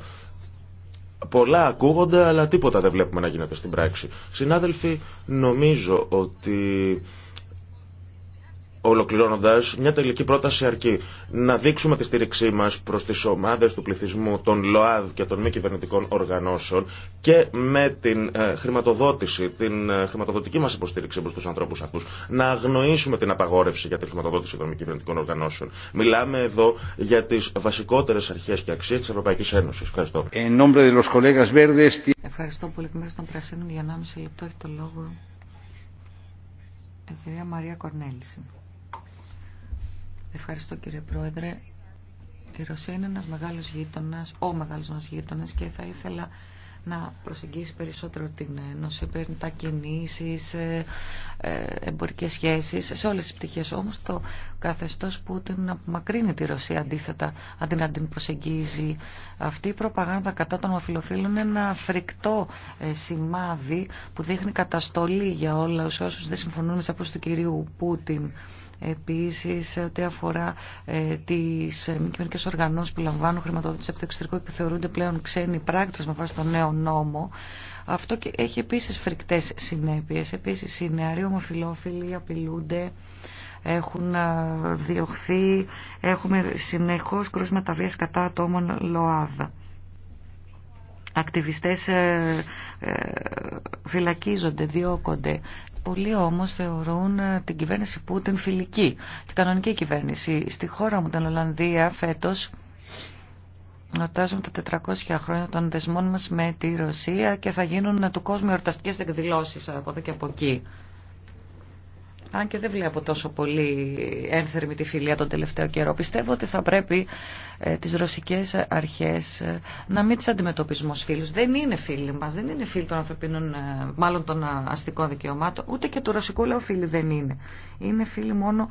Πολλά ακούγονται, αλλά τίποτα δεν βλέπουμε να γίνεται στην πράξη. Συνάδελφοι, νομίζω ότι Ολοκληρώνοντα, μια τελική πρόταση αρκεί. Να δείξουμε τη στήριξή μα προ τι ομάδε του πληθυσμού, των ΛΟΑΔ και των μη κυβερνητικών οργανώσεων και με την ε, χρηματοδότηση, την ε, χρηματοδοτική μα υποστήριξη προ του ανθρώπου αυτού. Να αγνοήσουμε την απαγόρευση για τη χρηματοδότηση των μη κυβερνητικών οργανώσεων. Μιλάμε εδώ για τι βασικότερε αρχέ και αξίε τη Ευρωπαϊκή Ένωση. Ευχαριστώ.
Ευχαριστώ πολύ. Εκ των Πρασίνων για 1,5 λεπτό έχει το λόγο Μαρία Κορνέλη. Ευχαριστώ κύριε Πρόεδρε. Η Ρωσία είναι ένας μεγάλος γείτονας, ο μεγάλος μας γείτονας και θα ήθελα να προσεγγίσει περισσότερο την Ένωση, παίρνει τα κινήσεις, ε, ε, εμπορικές σχέσεις σε όλες τις πτυχές όμως το καθεστώς την απομακρύνει τη Ρωσία αντίθετα αντί να την προσεγγίζει αυτή η προπαγάνδα κατά των ομοφιλοφίλων είναι ένα φρικτό ε, σημάδι που δείχνει καταστολή για όλα όσους δεν συμφωνούν με του κυρίου Πούτιν Επίσης, ό,τι αφορά ε, τις ε, μη κυβερνικές οργανώσεις που λαμβάνουν χρηματοδότηση από το εξωτερικό και θεωρούνται πλέον ξένοι πράκτορες με βάση τον νέο νόμο, αυτό και έχει επίσης φρικτές συνέπειες. Επίσης οι νεαροί ομοφιλόφιλοι απειλούνται, έχουν διωχθεί, έχουμε συνεχώς κρούσματα βίας κατά ατόμων ΛΟΑΔΑ. Ακτιβιστές ε, ε, φυλακίζονται, διώκονται. Πολλοί όμως θεωρούν ε, την κυβέρνηση Πούτιν φιλική, την κανονική κυβέρνηση. Στη χώρα μου, την Ολλανδία, φέτος Νοτάζουμε τα 400 χρόνια των δεσμών μας με τη Ρωσία και θα γίνουν του κόσμου εορταστικές εκδηλώσεις από εδώ και από εκεί. Αν και δεν βλέπω τόσο πολύ ένθερμη τη φιλία τον τελευταίο καιρό, πιστεύω ότι θα πρέπει ε, τις ρωσικές αρχές ε, να μην τις αντιμετωπίζουμε ως φίλους. Δεν είναι φίλοι μας, δεν είναι φίλοι των ανθρωπίνων, ε, μάλλον των αστικών δικαιωμάτων, ούτε και του ρωσικού λαού φίλοι δεν είναι. Είναι φίλοι μόνο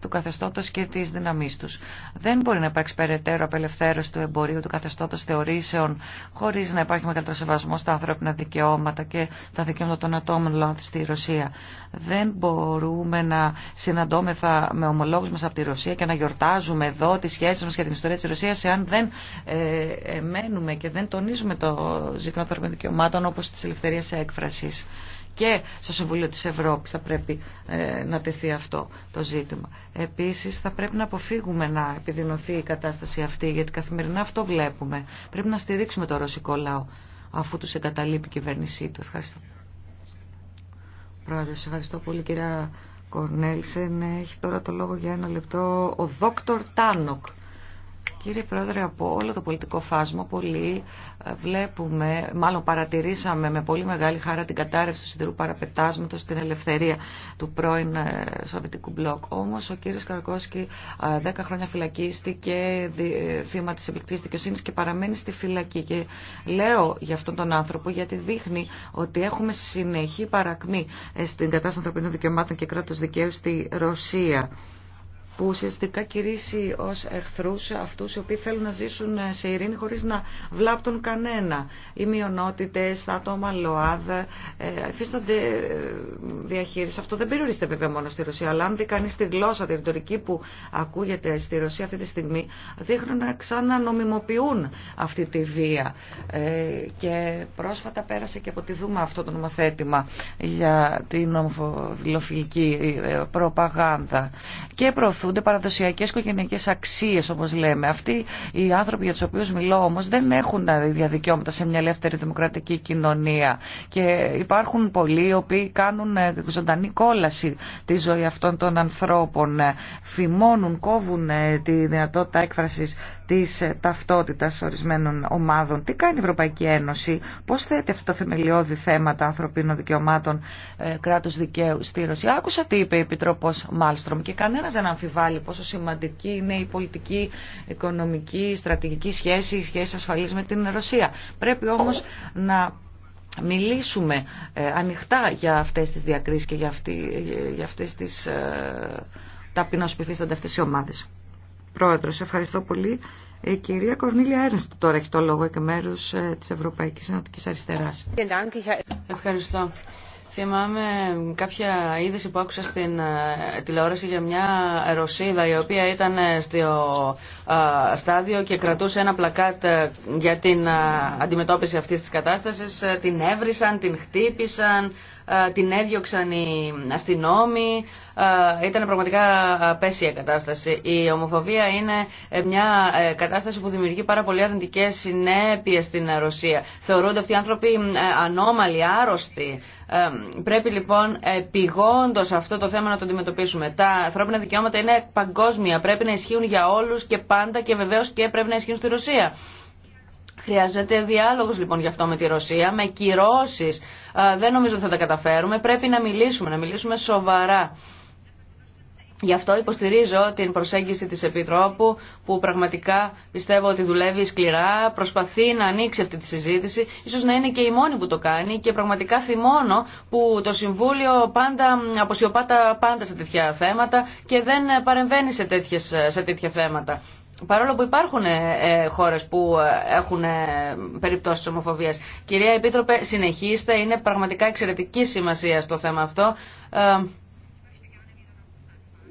του καθεστώτος και της δυναμής τους. Δεν μπορεί να υπάρξει περαιτέρω απελευθέρωση του εμπορίου του καθεστώτος θεωρήσεων χωρίς να υπάρχει μεγαλύτερο σεβασμό στα ανθρώπινα δικαιώματα και τα δικαιώματα των ατόμων λάθη δηλαδή, στη Ρωσία. Δεν μπορούμε να συναντώμεθα με ομολόγους μας από τη Ρωσία και να γιορτάζουμε εδώ τις σχέσεις μας και την ιστορία τη Ρωσία, εάν δεν ε, μένουμε και δεν τονίζουμε το ζήτημα των δικαιωμάτων όπω τη ελευθερία έκφραση. Και στο Συμβούλιο τη Ευρώπη θα πρέπει ε, να τεθεί αυτό το ζήτημα. Επίση θα πρέπει να αποφύγουμε να επιδεινωθεί η κατάσταση αυτή γιατί καθημερινά αυτό βλέπουμε. Πρέπει να στηρίξουμε το ρωσικό λαό αφού του εγκαταλείπει η κυβέρνησή του. Ευχαριστώ. Πρόεδρος, ευχαριστώ πολύ κυρία Κορνέλσεν. Έχει τώρα το λόγο για ένα λεπτό ο Δόκτωρ Τάνοκ. Κύριε Πρόεδρε, από όλο το πολιτικό φάσμα πολύ ε, βλέπουμε, μάλλον παρατηρήσαμε με πολύ μεγάλη χαρά την κατάρρευση του σιδηρού παραπετάσματο στην ελευθερία του πρώην ε, Σοβιτικού Μπλοκ. Όμω ο κύριο Καρκόσκι 10 ε, χρόνια φυλακίστηκε, θύμα τη Εμπληκτική δικαιοσύνη και παραμένει στη φυλακή. Και λέω για αυτόν τον άνθρωπο γιατί δείχνει ότι έχουμε συνεχή παρακμή στην κατάσταση ανθρωπινών δικαιωμάτων και κράτο δικαίου στη Ρωσία που ουσιαστικά κηρύσσει ως εχθρού αυτούς οι οποίοι θέλουν να ζήσουν σε ειρήνη χωρίς να βλάπτουν κανένα. Οι μειονότητες, τα άτομα ΛΟΑΔ, εφίστανται ε, διαχείριση. Αυτό δεν περιορίζεται βέβαια μόνο στη Ρωσία, αλλά αν δει κανεί τη γλώσσα, τη ρητορική που ακούγεται στη Ρωσία αυτή τη στιγμή, δείχνουν να ξανανομιμοποιούν αυτή τη βία. Ε, και πρόσφατα πέρασε και από τη Δούμα αυτό το νομοθέτημα για την ομοφιλοφιλική ε, προπαγάνδα. Και προωθούν προωθούνται παραδοσιακέ οικογενειακέ αξίε, όπω λέμε. Αυτοί οι άνθρωποι για του οποίου μιλώ όμω δεν έχουν ίδια σε μια ελεύθερη δημοκρατική κοινωνία. Και υπάρχουν πολλοί οι οποίοι κάνουν ε, ζωντανή κόλαση τη ζωή αυτών των ανθρώπων. Ε, φημώνουν, κόβουν ε, τη δυνατότητα έκφραση τη ταυτότητα ορισμένων ομάδων. Τι κάνει η Ευρωπαϊκή Ένωση, πώ θέτει αυτά τα θεμελιώδη θέματα ανθρωπίνων δικαιωμάτων, κράτου δικαίου στη Ρωσία. Άκουσα τι είπε η Επιτροπό Μάλστρομ και κανένα δεν αμφιβάλλει πόσο σημαντική είναι η πολιτική, οικονομική, στρατηγική σχέση, η σχέση ασφαλής με την Ρωσία. Πρέπει όμως να μιλήσουμε ε, ανοιχτά για αυτές τις διακρίσεις και για, αυτή, για αυτές τις ε, ταπεινώσεις που υφίστανται αυτές οι ομάδες. Πρόεδρος, ευχαριστώ πολύ. Η ε, κυρία Κορνίλια Έρνστ τώρα έχει το λόγο εκ μέρου ε, τη Ευρωπαϊκή Ενωτική Αριστερά.
Ευχαριστώ. Θυμάμαι κάποια είδηση που άκουσα στην ε, τηλεόραση για μια Ρωσίδα η οποία ήταν ε, στο ε, στάδιο και κρατούσε ένα πλακάτ για την αντιμετώπιση αυτής της κατάστασης. Την έβρισαν, την χτύπησαν, ε, την έδιωξαν οι αστυνόμοι. Ε, Ήταν πραγματικά ε, πέσια κατάσταση. Η ομοφοβία είναι μια κατάσταση που δημιουργεί πάρα πολύ αρνητικέ συνέπειε στην Ρωσία. Θεωρούνται αυτοί οι άνθρωποι ανώμαλοι, άρρωστοι. Πρέπει λοιπόν επιγόντω αυτό το θέμα να το αντιμετωπίσουμε. Τα ανθρώπινα δικαιώματα είναι παγκόσμια. Πρέπει να ισχύουν για όλου και πάντα και βεβαίω και πρέπει να ισχύουν στη Ρωσία. Χρειάζεται διάλογο λοιπόν γι' αυτό με τη Ρωσία, με κυρώσει. Δεν νομίζω ότι θα τα καταφέρουμε. Πρέπει να μιλήσουμε, να μιλήσουμε σοβαρά. Γι' αυτό υποστηρίζω την προσέγγιση της Επιτρόπου που πραγματικά πιστεύω ότι δουλεύει σκληρά, προσπαθεί να ανοίξει αυτή τη συζήτηση, ίσως να είναι και η μόνη που το κάνει και πραγματικά θυμώνω που το Συμβούλιο πάντα πάντα σε τέτοια θέματα και δεν παρεμβαίνει σε, σε τέτοια θέματα. Παρόλο που υπάρχουν ε, ε, χώρες που ε, έχουν περιπτώσεις ομοφοβίας. Κυρία Επίτροπε, συνεχίστε. Είναι πραγματικά εξαιρετική σημασία στο θέμα αυτό.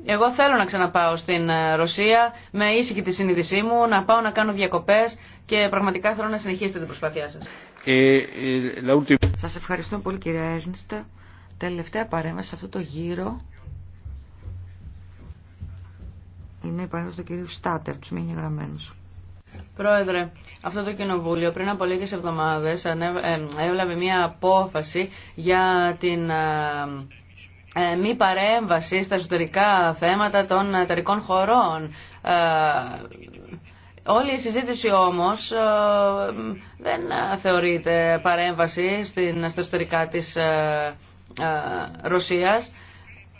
Εγώ θέλω να ξαναπάω στην Ρωσία με ήσυχη τη συνείδησή μου, να πάω να κάνω διακοπές και πραγματικά θέλω να συνεχίσετε την προσπάθειά σας.
Ε, Σας ευχαριστώ πολύ κυρία Έρνστα. Τελευταία παρέμβαση σε αυτό το γύρο. Είναι η παρέμβαση του κυρίου Στάτερ, του μη εγγεγραμμένου.
Πρόεδρε, αυτό το κοινοβούλιο πριν από λίγες εβδομάδες έβλαβε ε, μία απόφαση για την ε, ε, μη παρέμβαση στα εσωτερικά θέματα των εταιρικών χωρών. Όλη η συζήτηση όμως δεν θεωρείται παρέμβαση στην, στα εσωτερικά της Ρωσίας.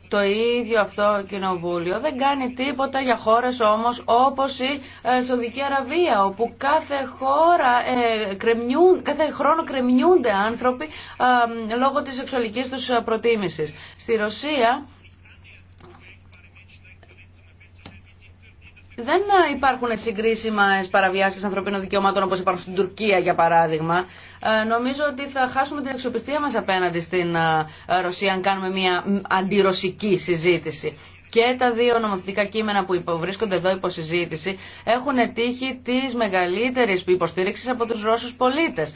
Το ίδιο αυτό κοινοβούλιο δεν κάνει τίποτα για χώρες όμως όπως η ε, Σαουδική Αραβία όπου κάθε, χώρα, ε, κάθε χρόνο κρεμνιούνται άνθρωποι λόγω της σεξουαλικής τους ε, προτίμησης. Στη Ρωσία δεν ε, υπάρχουν συγκρίσιμες παραβιάσεις ανθρωπίνων δικαιωμάτων όπως υπάρχουν στην Τουρκία για παράδειγμα. Ε, νομίζω ότι θα χάσουμε την αξιοπιστία μας απέναντι στην ε, Ρωσία αν κάνουμε μια αντιρωσική συζήτηση. Και τα δύο νομοθετικά κείμενα που υποβρίσκονται εδώ υπό συζήτηση έχουν τύχει τη μεγαλύτερη υποστήριξη από του Ρώσου πολίτε.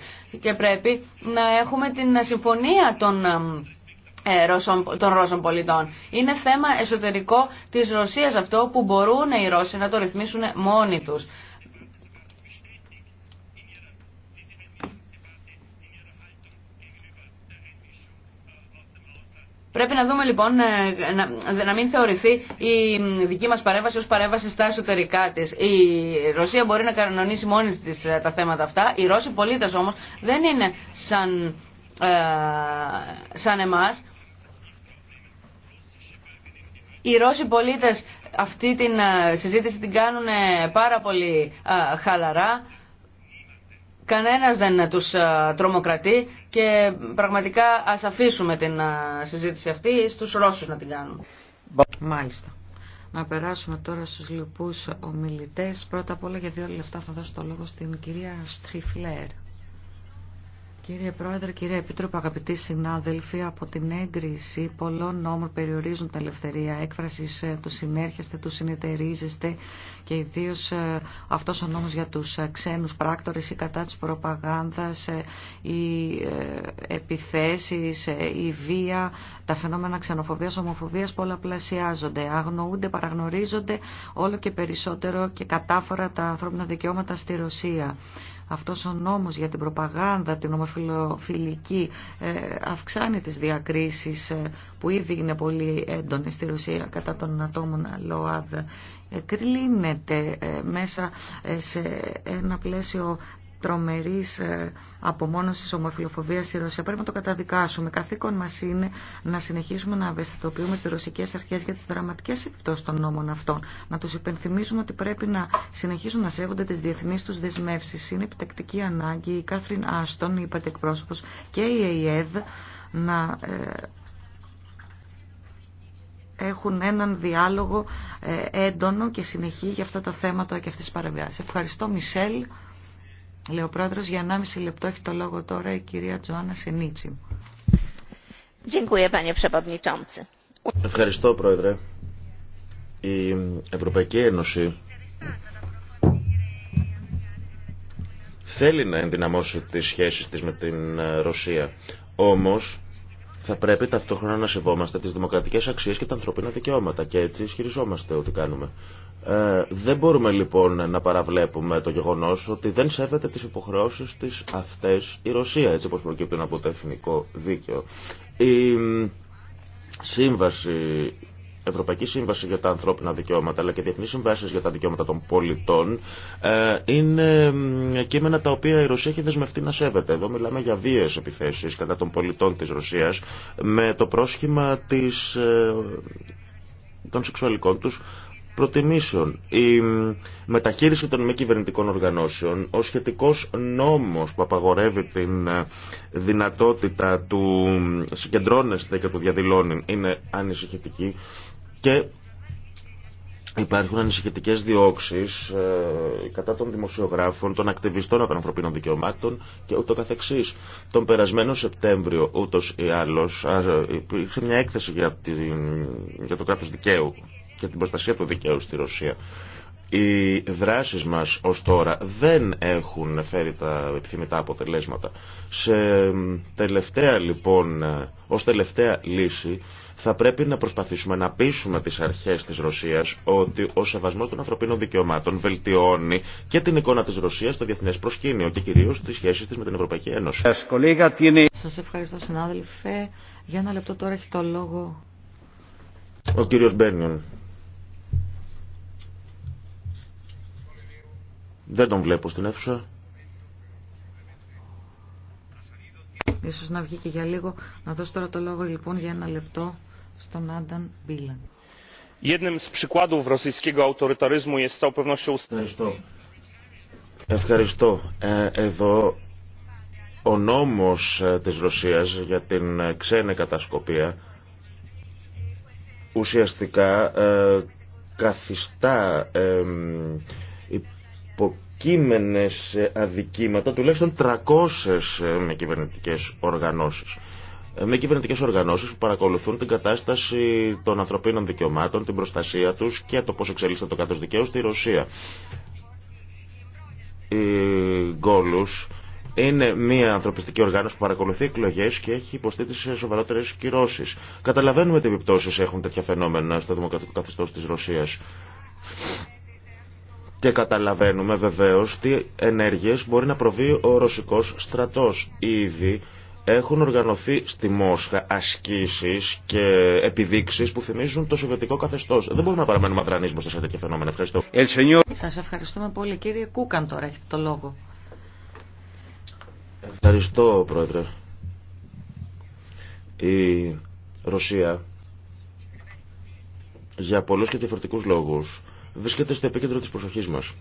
Και πρέπει να έχουμε την συμφωνία των ε, των Ρώσων πολιτών. Είναι θέμα εσωτερικό της Ρωσίας αυτό που μπορούν οι Ρώσοι να το ρυθμίσουν μόνοι τους. Πρέπει να δούμε λοιπόν ε, να, να μην θεωρηθεί η δική μας παρέμβαση ως παρέμβαση στα εσωτερικά της. Η Ρωσία μπορεί να κανονίσει μόνη της ε, τα θέματα αυτά. Οι Ρώσοι πολίτες όμως δεν είναι σαν, ε, σαν εμάς. Οι Ρώσοι πολίτες αυτή την συζήτηση την κάνουν πάρα πολύ χαλαρά κανένας δεν τους ε, τρομοκρατεί και πραγματικά ας αφήσουμε την ε, συζήτηση αυτή στους Ρώσους να την κάνουν. Μάλιστα. Να περάσουμε τώρα στους λοιπούς
ομιλητές. Πρώτα απ' όλα για δύο λεπτά θα δώσω το λόγο στην κυρία Στριφλέρ. Κύριε Πρόεδρε, κύριε Επίτροπο, αγαπητοί συνάδελφοι, από την έγκριση πολλών νόμων περιορίζουν τα ελευθερία έκφραση, ε, του συνέρχεστε, του συνεταιρίζεστε και ιδίω ε, αυτό ο νόμο για του ε, ξένου πράκτορε ή κατά τη προπαγάνδα, οι επιθέσει, η βία, τα φαινόμενα ξενοφοβία, ομοφοβία πολλαπλασιάζονται. Αγνοούνται, παραγνωρίζονται όλο και περισσότερο και κατάφορα τα ανθρώπινα δικαιώματα στη Ρωσία. Αυτός ο νόμος για την προπαγάνδα, την ομοφιλοφιλική, ε, αυξάνει τις διακρίσεις ε, που ήδη είναι πολύ έντονες στη Ρωσία κατά των ατόμων ΛΟΑΔ. Ε, Κρίνεται μέσα σε ένα πλαίσιο Τρομερή ε, απομόνωση ομοφιλοφοβία στη Ρωσία. Πρέπει να το καταδικάσουμε. Καθήκον μα είναι να συνεχίσουμε να ευαισθητοποιούμε τι ρωσικέ αρχέ για τι δραματικέ επιπτώσει των νόμων αυτών. Να του υπενθυμίσουμε ότι πρέπει να συνεχίσουν να σέβονται τι διεθνεί του δεσμεύσει. Είναι επιτακτική ανάγκη η Κάθριν Άστον, η Εκπρόσωπο και η ΕΕΔ να ε, έχουν έναν διάλογο ε, έντονο και συνεχή για αυτά τα θέματα και αυτές τις παρεμβάσεις. Ευχαριστώ Μισελ. Λέω πρόεδρος, για 1,5 λεπτό έχει το λόγο τώρα η κυρία Τζοάννα Σενίτσι.
Ευχαριστώ πρόεδρε. Η Ευρωπαϊκή Ένωση θέλει να ενδυναμώσει τις σχέσεις της με την ε, Ρωσία. Όμως θα πρέπει ταυτόχρονα να σεβόμαστε τι δημοκρατικέ αξίε και τα ανθρωπίνα δικαιώματα και έτσι ισχυριζόμαστε ότι κάνουμε. Ε, δεν μπορούμε λοιπόν να παραβλέπουμε το γεγονό ότι δεν σέβεται τι υποχρεώσει τη αυτέ η Ρωσία, έτσι όπω προκύπτουν από το εθνικό δίκαιο. Η σύμβαση Ευρωπαϊκή Σύμβαση για τα Ανθρώπινα Δικαιώματα αλλά και Διεθνεί Συμβάσει για τα Δικαιώματα των Πολιτών ε, είναι κείμενα τα οποία η Ρωσία έχει δεσμευτεί να σέβεται. Εδώ μιλάμε για βίαιε επιθέσει κατά των πολιτών τη Ρωσία με το πρόσχημα της ε, των σεξουαλικών του προτιμήσεων. Η μεταχείριση των μη κυβερνητικών οργανώσεων, ο σχετικός νόμος που απαγορεύει την ε, δυνατότητα του συγκεντρώνεστε και του διαδηλώνει είναι ανησυχητική και Υπάρχουν ανησυχητικέ διώξει ε, κατά των δημοσιογράφων, των ακτιβιστών από ανθρωπίνων δικαιωμάτων και ούτω καθεξής. Τον περασμένο Σεπτέμβριο, ούτω ή άλλω, υπήρξε μια έκθεση για, για το κράτο δικαίου και την προστασία του δικαίου στη Ρωσία. Οι δράσεις μας ως τώρα δεν έχουν φέρει τα επιθυμητά αποτελέσματα. Σε τελευταία λοιπόν, ε, ως τελευταία λύση θα πρέπει να προσπαθήσουμε να πείσουμε τις αρχές της Ρωσίας ότι ο σεβασμός των ανθρωπίνων δικαιωμάτων βελτιώνει και την εικόνα της Ρωσίας στο διεθνές προσκήνιο και κυρίως τις σχέσεις της με την Ευρωπαϊκή Ένωση. Σας ευχαριστώ συνάδελφε.
Για ένα λεπτό τώρα έχει το λόγο
ο κύριο Μπένιον. Δεν τον βλέπω στην αίθουσα.
Ίσως να βγει και για λίγο. Να δώσω τώρα το λόγο λοιπόν για ένα λεπτό
στον Άνταν Μπίλαν. Ευχαριστώ. Ευχαριστώ. Ε, εδώ ο νόμος ε, της Ρωσίας για την ε, ξένη κατασκοπία ουσιαστικά καθιστά υποκείμενες ε, αδικήματα τουλάχιστον 300 ε, με κυβερνητικές οργανώσεις ε, με κυβερνητικέ οργανώσει που παρακολουθούν την κατάσταση των ανθρωπίνων δικαιωμάτων, την προστασία του και το πώ εξελίσσεται το κάτω δικαίου στη Ρωσία. Η Γκόλου είναι μια ανθρωπιστική οργάνωση που παρακολουθεί εκλογέ και έχει υποστεί τι σοβαρότερε κυρώσει. Καταλαβαίνουμε τι επιπτώσει έχουν τέτοια φαινόμενα στο δημοκρατικό καθεστώ τη Ρωσία. Και καταλαβαίνουμε βεβαίως τι ενέργειες μπορεί να προβεί ο ρωσικός στρατός. Ήδη έχουν οργανωθεί στη Μόσχα ασκήσεις και επιδείξεις που θυμίζουν το σοβιετικό καθεστώς. Δεν μπορούμε να παραμένουμε αδρανείς μπροστά σε τέτοια φαινόμενα. Ευχαριστώ.
Σας ευχαριστούμε πολύ. Κύριε Κούκαν τώρα έχετε το λόγο.
Ευχαριστώ, Πρόεδρε. Η Ρωσία για πολλούς και διαφορετικούς λόγους βρίσκεται στο επίκεντρο της προσοχής μας.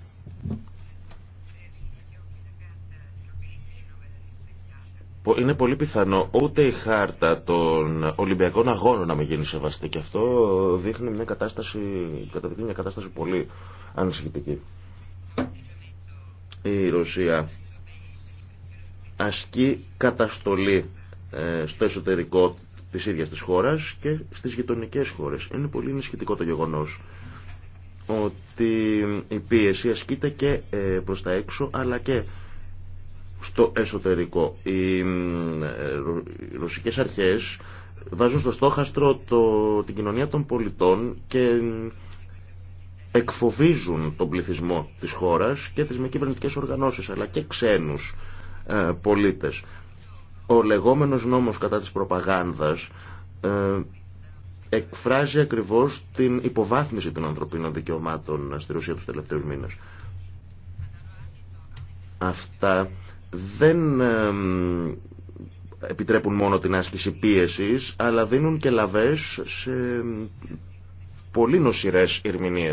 Είναι πολύ πιθανό ούτε η χάρτα των Ολυμπιακών Αγώνων να μην γίνει σεβαστή και αυτό δείχνει μια κατάσταση, καταδεικνύει μια κατάσταση πολύ ανησυχητική. Η Ρωσία ασκεί καταστολή ε, στο εσωτερικό της ίδιας της χώρας και στις γειτονικές χώρες. Είναι πολύ ενισχυτικό το γεγονός ότι η πίεση ασκείται και ε, προς τα έξω αλλά και στο εσωτερικό. Ε, οι ρωσικές αρχές βάζουν στο στόχαστρο το, την κοινωνία των πολιτών και εκφοβίζουν τον πληθυσμό της χώρας και τις μη κυβερνητικέ οργανώσεις αλλά και ξένους ε, πολίτες. Ο λεγόμενος νόμος κατά της προπαγάνδας εκφράζει ακριβώς την υποβάθμιση των ανθρωπίνων δικαιωμάτων στη Ρωσία τους τελευταίους μήνες. Αυτά δεν επιτρέπουν μόνο την άσκηση πίεσης, αλλά δίνουν και λαβές σε πολύ νοσηρέ ερμηνείε.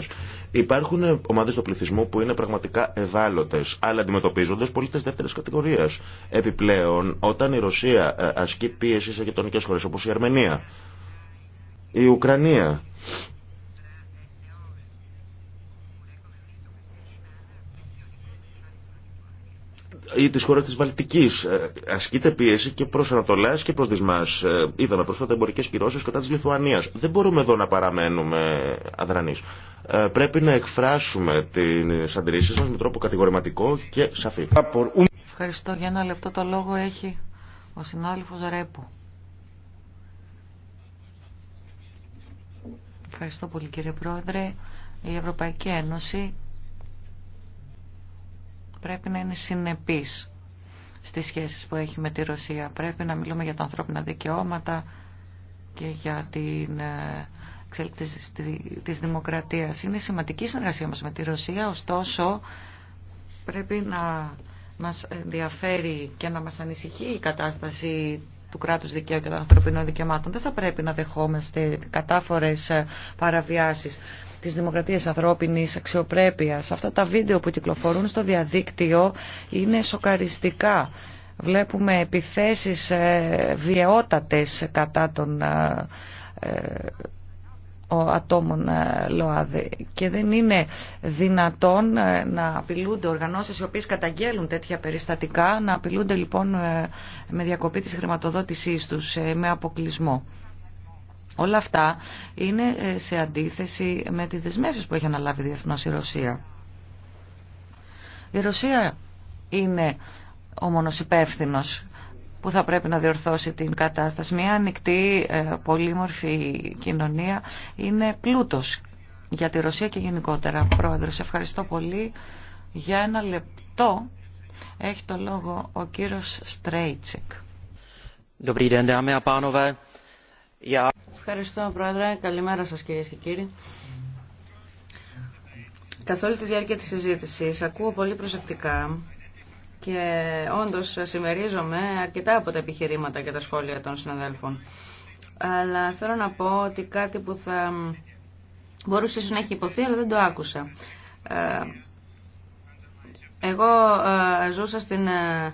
Υπάρχουν ε, ομάδε του πληθυσμού που είναι πραγματικά ευάλωτε, αλλά αντιμετωπίζονται ω πολίτε δεύτερη κατηγορία. Επιπλέον, όταν η Ρωσία ε, ασκεί πίεση σε γειτονικέ χώρε όπω η Αρμενία, η Ουκρανία. ή τις χώρες της Βαλτικής. Ε, ασκείται πίεση και προς Ανατολάς και προς Δυσμάς. Ε, είδαμε προσφάτα εμπορικέ κυρώσεις κατά της Λιθουανίας. Δεν μπορούμε εδώ να παραμένουμε αδρανείς. Ε, πρέπει να εκφράσουμε τις αντιρρήσεις μας με τρόπο κατηγορηματικό και σαφή.
Ευχαριστώ. Για ένα λεπτό το λόγο έχει ο συνάδελφος Ρέπου. Ευχαριστώ πολύ κύριε Πρόεδρε. Η Ευρωπαϊκή Ένωση πρέπει να είναι συνεπής στις σχέσεις που έχει με τη Ρωσία. Πρέπει να μιλούμε για τα ανθρώπινα δικαιώματα και για την ε, εξέλιξη της δημοκρατίας. Είναι σημαντική η συνεργασία μας με τη Ρωσία, ωστόσο πρέπει να μας ενδιαφέρει και να μας ανησυχεί η κατάσταση του κράτους δικαίου και των ανθρωπινών δικαιωμάτων. Δεν θα πρέπει να δεχόμαστε κατάφορες ε, παραβιάσεις της δημοκρατίας ανθρώπινης αξιοπρέπειας. Αυτά τα βίντεο που κυκλοφορούν στο διαδίκτυο είναι σοκαριστικά. Βλέπουμε επιθέσεις ε, βιαιότατες κατά των ε, ο ατόμων ε, ΛΟΑΔΕ και δεν είναι δυνατόν ε, να απειλούνται οργανώσεις οι οποίες καταγγέλουν τέτοια περιστατικά να απειλούνται λοιπόν ε, με διακοπή της χρηματοδότησής τους με αποκλεισμό. Όλα αυτά είναι σε αντίθεση με τις δεσμεύσεις που έχει αναλάβει διεθνώς η Ρωσία. Η Ρωσία είναι ο μόνος υπεύθυνος που θα πρέπει να διορθώσει την κατάσταση. Μια ανοιχτή, ε, πολύμορφη κοινωνία είναι πλούτος για τη Ρωσία και γενικότερα. Πρόεδρε, ευχαριστώ πολύ. Για ένα λεπτό έχει το λόγο ο κύριος Στρέιτσεκ.
Ευχαριστώ, Πρόεδρε. Καλημέρα σας, κυρίε και κύριοι. Καθ' όλη τη διάρκεια της συζήτησης ακούω πολύ προσεκτικά και όντως συμμερίζομαι αρκετά από τα επιχειρήματα και τα σχόλια των συναδέλφων. Αλλά θέλω να πω ότι κάτι που θα μπορούσε να έχει υποθεί, αλλά δεν το άκουσα. Ε, εγώ ε, ζούσα στην ε,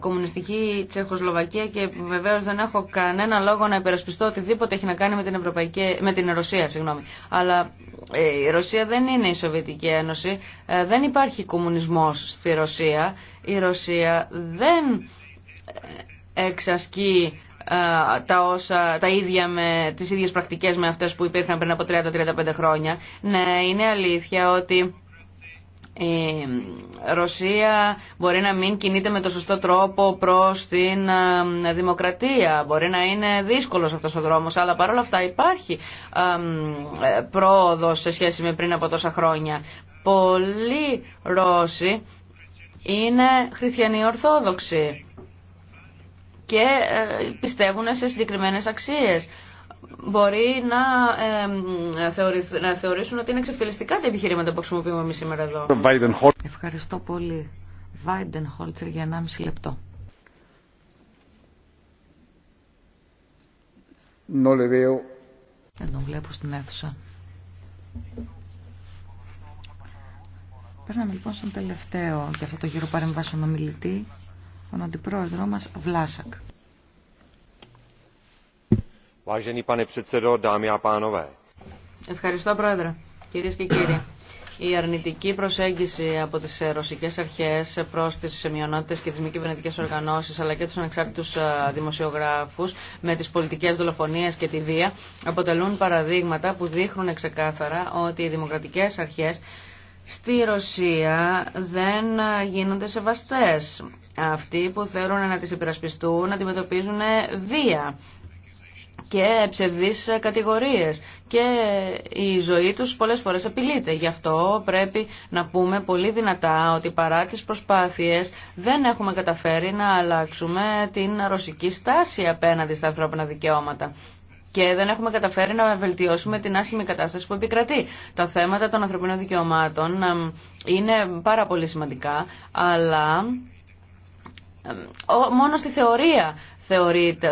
κομμουνιστική Τσεχοσλοβακία και βεβαίως δεν έχω κανένα λόγο να υπερασπιστώ οτιδήποτε έχει να κάνει με την, Ευρωπαϊκή, με την Ρωσία. Συγγνώμη. Αλλά ε, η Ρωσία δεν είναι η Σοβιετική Ένωση, ε, δεν υπάρχει κομμουνισμός στη Ρωσία. Η Ρωσία δεν ε, εξασκεί τα, όσα, τα ίδια με τις ίδιες πρακτικές με αυτές που υπήρχαν πριν από 30-35 χρόνια. Ναι, είναι αλήθεια ότι η Ρωσία μπορεί να μην κινείται με το σωστό τρόπο προς την δημοκρατία. Μπορεί να είναι δύσκολος αυτός ο δρόμος, αλλά παρόλα αυτά υπάρχει ε, πρόοδος σε σχέση με πριν από τόσα χρόνια. Πολλοί Ρώσοι είναι χριστιανοί Ορθόδοξοι και ε, πιστεύουν σε συγκεκριμένες αξίες μπορεί να, ε, θεωρήσουν ότι είναι εξευτελιστικά τα επιχειρήματα που χρησιμοποιούμε εμείς σήμερα εδώ. Ευχαριστώ πολύ. Βάιντεν Χόλτσερ για 1,5 λεπτό.
Δεν τον βλέπω στην αίθουσα. Παίρναμε λοιπόν στον τελευταίο για αυτό το γύρο παρεμβάσεων ομιλητή, τον αντιπρόεδρό
μας Βλάσακ. Ευχαριστώ, Πρόεδρε. Κυρίε και κύριοι, η αρνητική προσέγγιση από τι ε, ρωσικέ αρχέ προ τι μειονότητε και τι μη κυβερνητικέ οργανώσει αλλά και του ανεξάρτητου ε, δημοσιογράφου με τι πολιτικέ δολοφονίε και τη βία αποτελούν παραδείγματα που δείχνουν ξεκάθαρα ότι οι δημοκρατικέ αρχέ στη Ρωσία δεν ε, γίνονται σεβαστέ. Αυτοί που θέλουν να τι υπερασπιστούν αντιμετωπίζουν βία και ψευδείς κατηγορίες και η ζωή τους πολλές φορές απειλείται. Γι' αυτό πρέπει να πούμε πολύ δυνατά ότι παρά τις προσπάθειες δεν έχουμε καταφέρει να αλλάξουμε την ρωσική στάση απέναντι στα ανθρώπινα δικαιώματα και δεν έχουμε καταφέρει να βελτιώσουμε την άσχημη κατάσταση που επικρατεί. Τα θέματα των ανθρωπίνων δικαιωμάτων ε, είναι πάρα πολύ σημαντικά, αλλά ε, μόνο στη θεωρία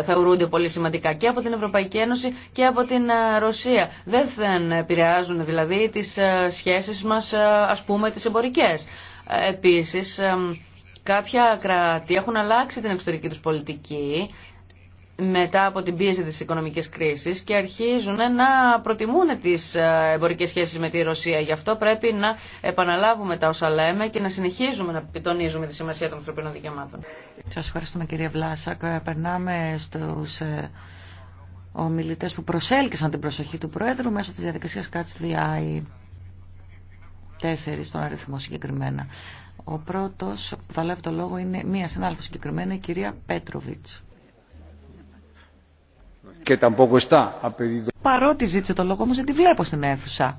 θεωρούνται πολύ σημαντικά και από την Ευρωπαϊκή Ένωση και από την ε, Ρωσία. Δεν θα επηρεάζουν δηλαδή τις ε, σχέσεις μας, ε, ας πούμε, τις εμπορικές. Επίσης, κάποια κράτη έχουν αλλάξει την εξωτερική τους πολιτική μετά από την πίεση της οικονομικής κρίσης και αρχίζουν να προτιμούν τις ε, εμπορικές σχέσεις με τη Ρωσία. Γι' αυτό πρέπει να επαναλάβουμε τα όσα λέμε και να συνεχίζουμε να επιτονίζουμε τη σημασία των ανθρωπίνων δικαιωμάτων. Σας
ευχαριστούμε κυρία Βλάσακ. Ε, περνάμε στους ε, ομιλητές που προσέλκυσαν την προσοχή του Πρόεδρου μέσω της διαδικασίας Catch the Τέσσερις στον αριθμό συγκεκριμένα. Ο πρώτος που θα λάβει το λόγο είναι μία συνάδελφος συγκεκριμένα, η κυρία Πέτροβιτς. Και Παρότι ζήτησε το λόγο όμως δεν τη βλέπω στην αίθουσα.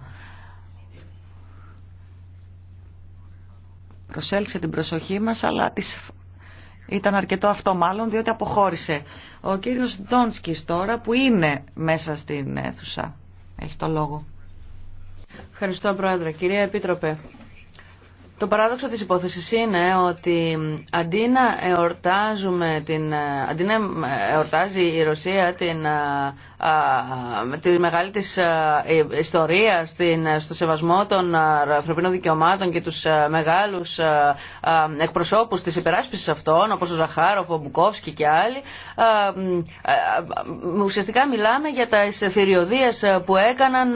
Προσέλξε την προσοχή μας αλλά της... ήταν αρκετό αυτό μάλλον διότι αποχώρησε. Ο κύριος Ντόνσκης τώρα που είναι μέσα στην αίθουσα έχει το λόγο.
Ευχαριστώ Πρόεδρε. Κυρία Επίτροπε, το παράδοξο της υπόθεσης είναι ότι αντί να εορτάζουμε την, αντί να εορτάζει η Ρωσία την, τη μεγάλη της ιστορία στην στο σεβασμό των ανθρωπίνων δικαιωμάτων και τους μεγάλους εκπροσώπους της υπεράσπισης αυτών όπως ο Ζαχάροφ, ο Μπουκόφσκι και άλλοι ουσιαστικά μιλάμε για τα θηριωδίες που έκαναν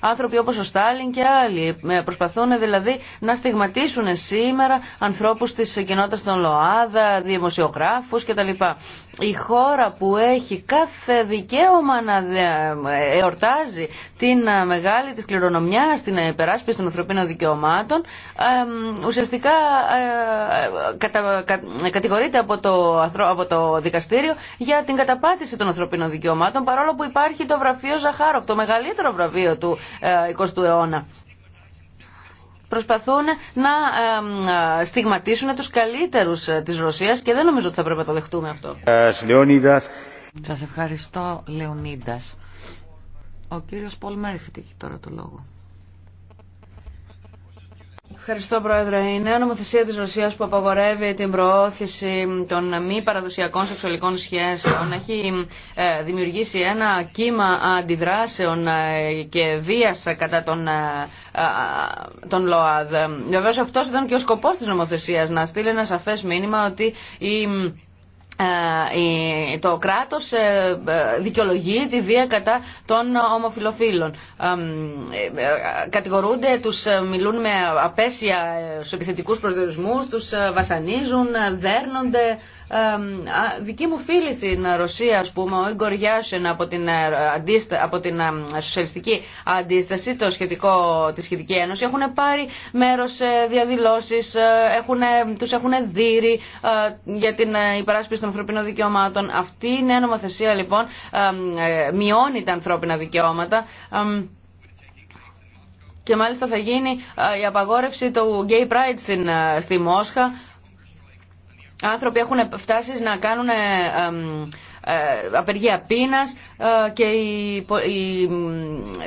άνθρωποι όπως ο Στάλιν και άλλοι ε, προσπαθούν δηλαδή να στιγματίσουν κρατήσουν σήμερα ανθρώπους της κοινότητας των ΛΟΑΔΑ, δημοσιογράφου κτλ. Η χώρα που έχει κάθε δικαίωμα να ε, εορτάζει την ε, μεγάλη της κληρονομιά στην υπεράσπιση των ανθρωπίνων δικαιωμάτων ουσιαστικά ε, κατηγορείται από το, από το δικαστήριο για την καταπάτηση των ανθρωπίνων δικαιωμάτων παρόλο που υπάρχει το βραφείο Ζαχάροφ, το μεγαλύτερο βραβείο του 20ου αιώνα προσπαθούν να στιγματίσουν τους καλύτερους ε, της Ρωσίας και δεν νομίζω ότι θα πρέπει να το δεχτούμε αυτό.
Σας ευχαριστώ Λεωνίδας. Ο κύριος Πολ Μέρφιτ έχει τώρα το λόγο.
Ευχαριστώ, Πρόεδρε. Η νέα νομοθεσία τη Ρωσία που απαγορεύει την προώθηση των μη παραδοσιακών σεξουαλικών σχέσεων έχει ε, δημιουργήσει ένα κύμα αντιδράσεων ε, και βία κατά τον, ε, τον ΛΟΑΔ. Βεβαίω, αυτό ήταν και ο σκοπό τη νομοθεσία, να στείλει ένα σαφέ μήνυμα ότι η ε, το κράτος ε, ε, δικαιολογεί τη βία κατά των ομοφιλοφίλων. Κατηγορούνται, τους μιλούν με απέσια στους επιθετικούς προσδιορισμούς, τους βασανίζουν, δέρνονται. Δική μου φίλη στην Ρωσία, ας πούμε, ο Ιγκορ Γιάσεν από την, από την σοσιαλιστική αντίσταση, το σχετικό, τη σχετική ένωση, έχουν πάρει μέρος σε διαδηλώσεις, έχουν, τους έχουν για την υπεράσπιση των ανθρωπίνων δικαιωμάτων. Αυτή η νέα νομοθεσία λοιπόν ε, μειώνει τα ανθρώπινα δικαιώματα. Και μάλιστα θα γίνει ε, η απαγόρευση του Gay Pride στην, ε, στη Μόσχα. Άνθρωποι έχουν φτάσει να κάνουν ε, απεργία πείνας ε, και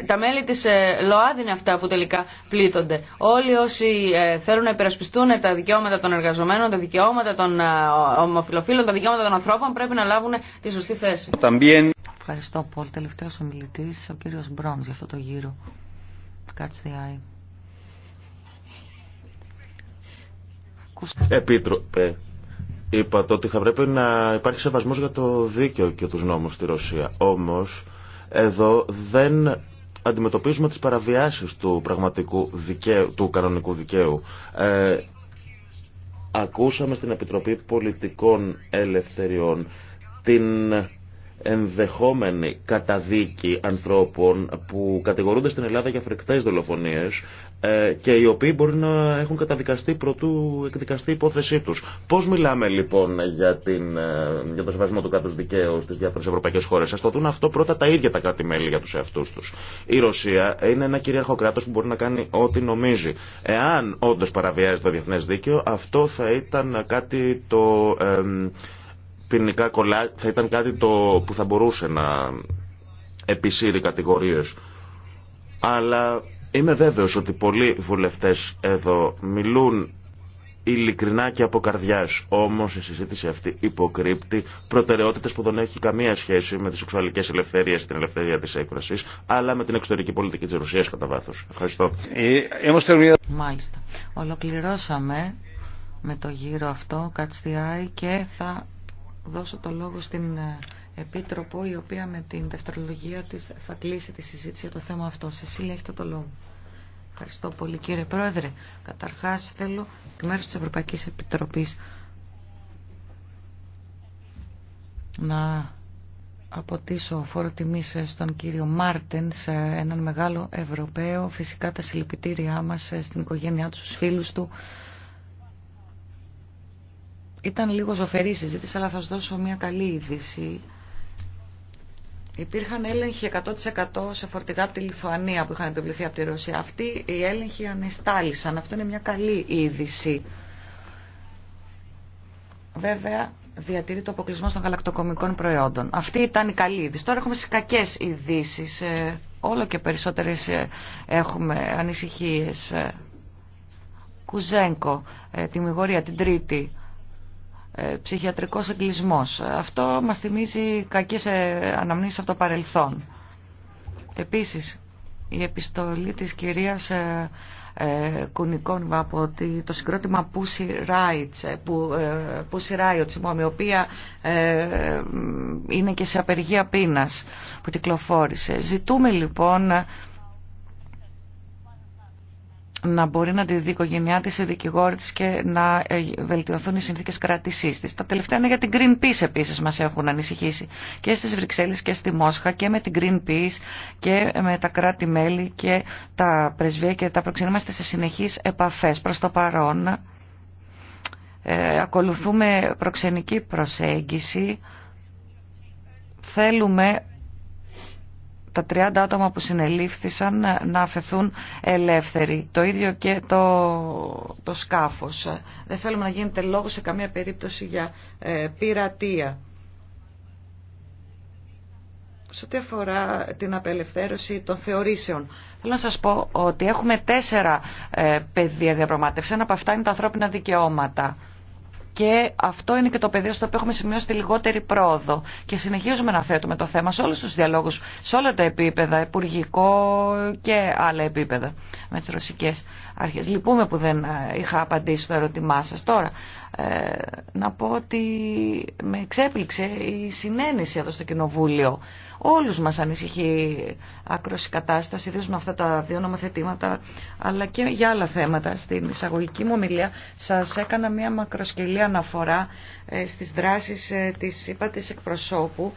τα μέλη της ε, ΛΟΑΔ είναι αυτά που τελικά πλήττονται. Όλοι όσοι θέλουν να υπερασπιστούν τα δικαιώματα των εργαζομένων, τα δικαιώματα των ομοφιλοφίλων, τα δικαιώματα των ανθρώπων πρέπει να λάβουν τη σωστή θέση.
Ευχαριστώ πολύ. τελευταίο ομιλητή, ο κύριο Μπρόν, για αυτό το γύρο.
Επίτροπε, είπατε ότι θα πρέπει να υπάρχει σεβασμός για το δίκαιο και τους νόμους στη Ρωσία. Όμως, εδώ δεν αντιμετωπίζουμε τις παραβιάσεις του, πραγματικού δικαίου, του κανονικού δικαίου. Ε, ακούσαμε στην Επιτροπή Πολιτικών Ελευθεριών την ενδεχόμενη καταδίκη ανθρώπων που κατηγορούνται στην Ελλάδα για φρικτές δολοφονίες ε, και οι οποίοι μπορεί να έχουν καταδικαστεί προτού εκδικαστεί η υπόθεσή τους. Πώς μιλάμε λοιπόν για, την, ε, για το σεβασμό του κράτους δικαίου στις διάφορες ευρωπαϊκές χώρες. Ας το δουν αυτό πρώτα τα ίδια τα κράτη-μέλη για τους εαυτούς τους. Η Ρωσία είναι ένα κυρίαρχο κράτος που μπορεί να κάνει ό,τι νομίζει. Εάν όντως παραβιάζει το διεθνές δίκαιο, αυτό θα ήταν κάτι το... Ε, ποινικά κολλά, θα ήταν κάτι το που θα μπορούσε να επισύρει κατηγορίες. Αλλά Είμαι βέβαιος ότι πολλοί βουλευτές εδώ μιλούν ειλικρινά και από καρδιάς. Όμω η συζήτηση αυτή υποκρύπτει προτεραιότητες που δεν έχει καμία σχέση με τι σεξουαλικέ ελευθερίε, την ελευθερία της έκφραση, αλλά με την εξωτερική πολιτική τη Ρωσίας κατά βάθο. Ευχαριστώ. Ε,
Μάλιστα. Ολοκληρώσαμε με το γύρο αυτό, και θα δώσω το λόγο στην ε, Επίτροπο, η οποία με την δευτερολογία της θα κλείσει τη συζήτηση για το θέμα αυτό. Σεσίλια, έχετε το λόγο. Ευχαριστώ πολύ κύριε Πρόεδρε. Καταρχάς θέλω εκ μέρους της Ευρωπαϊκής Επιτροπής να αποτίσω φόρο τιμής στον κύριο σε έναν μεγάλο Ευρωπαίο, φυσικά τα συλληπιτήριά μας στην οικογένειά του, στους φίλους του. Ήταν λίγο ζωφερή συζήτηση, αλλά θα σα δώσω μια καλή είδηση. Υπήρχαν έλεγχοι 100% σε φορτηγά από τη Λιθουανία που είχαν επιβληθεί από τη Ρωσία. Αυτοί οι έλεγχοι ανεστάλησαν. Αυτό είναι μια καλή είδηση. Βέβαια, διατηρεί το αποκλεισμό των γαλακτοκομικών προϊόντων. Αυτή ήταν η καλή είδηση. Τώρα έχουμε στι κακέ ειδήσει. Ε, όλο και περισσότερε ε, έχουμε ανησυχίε. Ε, Κουζέγκο, τη Μηγορία την Τρίτη. Ε, ψυχιατρικός εγκλισμός. Αυτό μας θυμίζει κακές ε, αναμνήσεις από το παρελθόν. Επίσης, η επιστολή της κυρίας ε, Κουνικών από το συγκρότημα Pussy Riot, που, Pussy Riot η οποία είναι και σε απεργία πείνας που κυκλοφόρησε. Ζητούμε λοιπόν να μπορεί να τη δει η οικογένειά της, η δικηγόρη τη και να ε, βελτιωθούν οι συνθήκε κρατησή τη. Τα τελευταία είναι για την Greenpeace επίσης μας έχουν ανησυχήσει και στις Βρυξέλλες και στη Μόσχα και με την Greenpeace και με τα κράτη-μέλη και τα πρεσβεία και τα Είμαστε σε συνεχείς επαφές Προ το παρόν. Ε, ακολουθούμε προξενική προσέγγιση. Θέλουμε τα 30 άτομα που συνελήφθησαν να αφαιθούν ελεύθεροι. Το ίδιο και το, το σκάφος. Δεν θέλουμε να γίνεται λόγο σε καμία περίπτωση για ε, πειρατεία. Σε ό,τι αφορά την απελευθέρωση των θεωρήσεων, θέλω να σας πω ότι έχουμε τέσσερα ε, πεδία διαπραγμάτευση. Ένα από αυτά είναι τα ανθρώπινα δικαιώματα και αυτό είναι και το πεδίο στο οποίο έχουμε σημειώσει τη λιγότερη πρόοδο. Και συνεχίζουμε να θέτουμε το θέμα σε όλου του διαλόγου, σε όλα τα επίπεδα, υπουργικό και άλλα επίπεδα με τι ρωσικέ αρχέ. Λυπούμε που δεν ε, είχα απαντήσει στο ερώτημά σα τώρα. Ε, να πω ότι με εξέπληξε η συνένεση εδώ στο Κοινοβούλιο Όλους μας ανησυχεί άκρος η κατάσταση, ιδίως με αυτά τα δύο νομοθετήματα, αλλά και για άλλα θέματα. Στην εισαγωγική μου ομιλία σας έκανα μια μακροσκελή αναφορά ε, στις δράσεις ε, της ΕΕ εκπροσώπου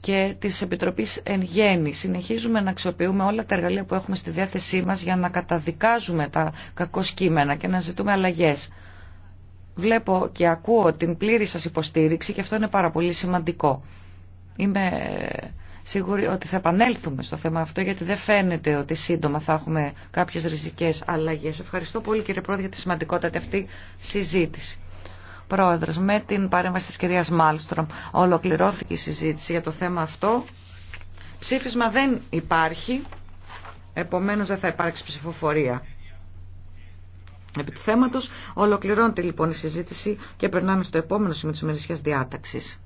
και της Επιτροπής εν γέννη. Συνεχίζουμε να αξιοποιούμε όλα τα εργαλεία που έχουμε στη διάθεσή μας για να καταδικάζουμε τα κακό και να ζητούμε αλλαγέ. Βλέπω και ακούω την πλήρη σας υποστήριξη και αυτό είναι πάρα πολύ σημαντικό. Είμαι σίγουρη ότι θα επανέλθουμε στο θέμα αυτό γιατί δεν φαίνεται ότι σύντομα θα έχουμε κάποιες ριζικές αλλαγές. Ευχαριστώ πολύ κύριε Πρόεδρε για τη σημαντικότητα αυτή συζήτηση. Πρόεδρος, με την παρέμβαση της κυρίας Μάλστρομ ολοκληρώθηκε η συζήτηση για το θέμα αυτό. Ψήφισμα δεν υπάρχει, επομένως δεν θα υπάρξει ψηφοφορία. Επί του θέματος ολοκληρώνεται λοιπόν η συζήτηση και περνάμε στο επόμενο σημείο της ημερησίας διάταξης.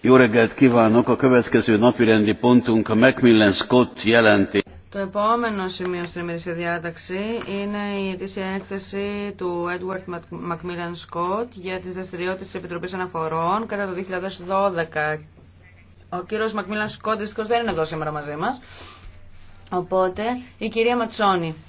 Jó reggelt kívánok! A következő napirendi pontunk a Macmillan Scott jelentés.
Το επόμενο σημείο στην ημερήσια διάταξη είναι η αιτήσια έκθεση του Edward Macmillan Scott για τις δραστηριότητες της Επιτροπής Αναφορών κατά το 2012. Ο κύριος Macmillan Scott δυστυχώς δεν είναι εδώ σήμερα μαζί μας. Οπότε η κυρία Ματσόνη.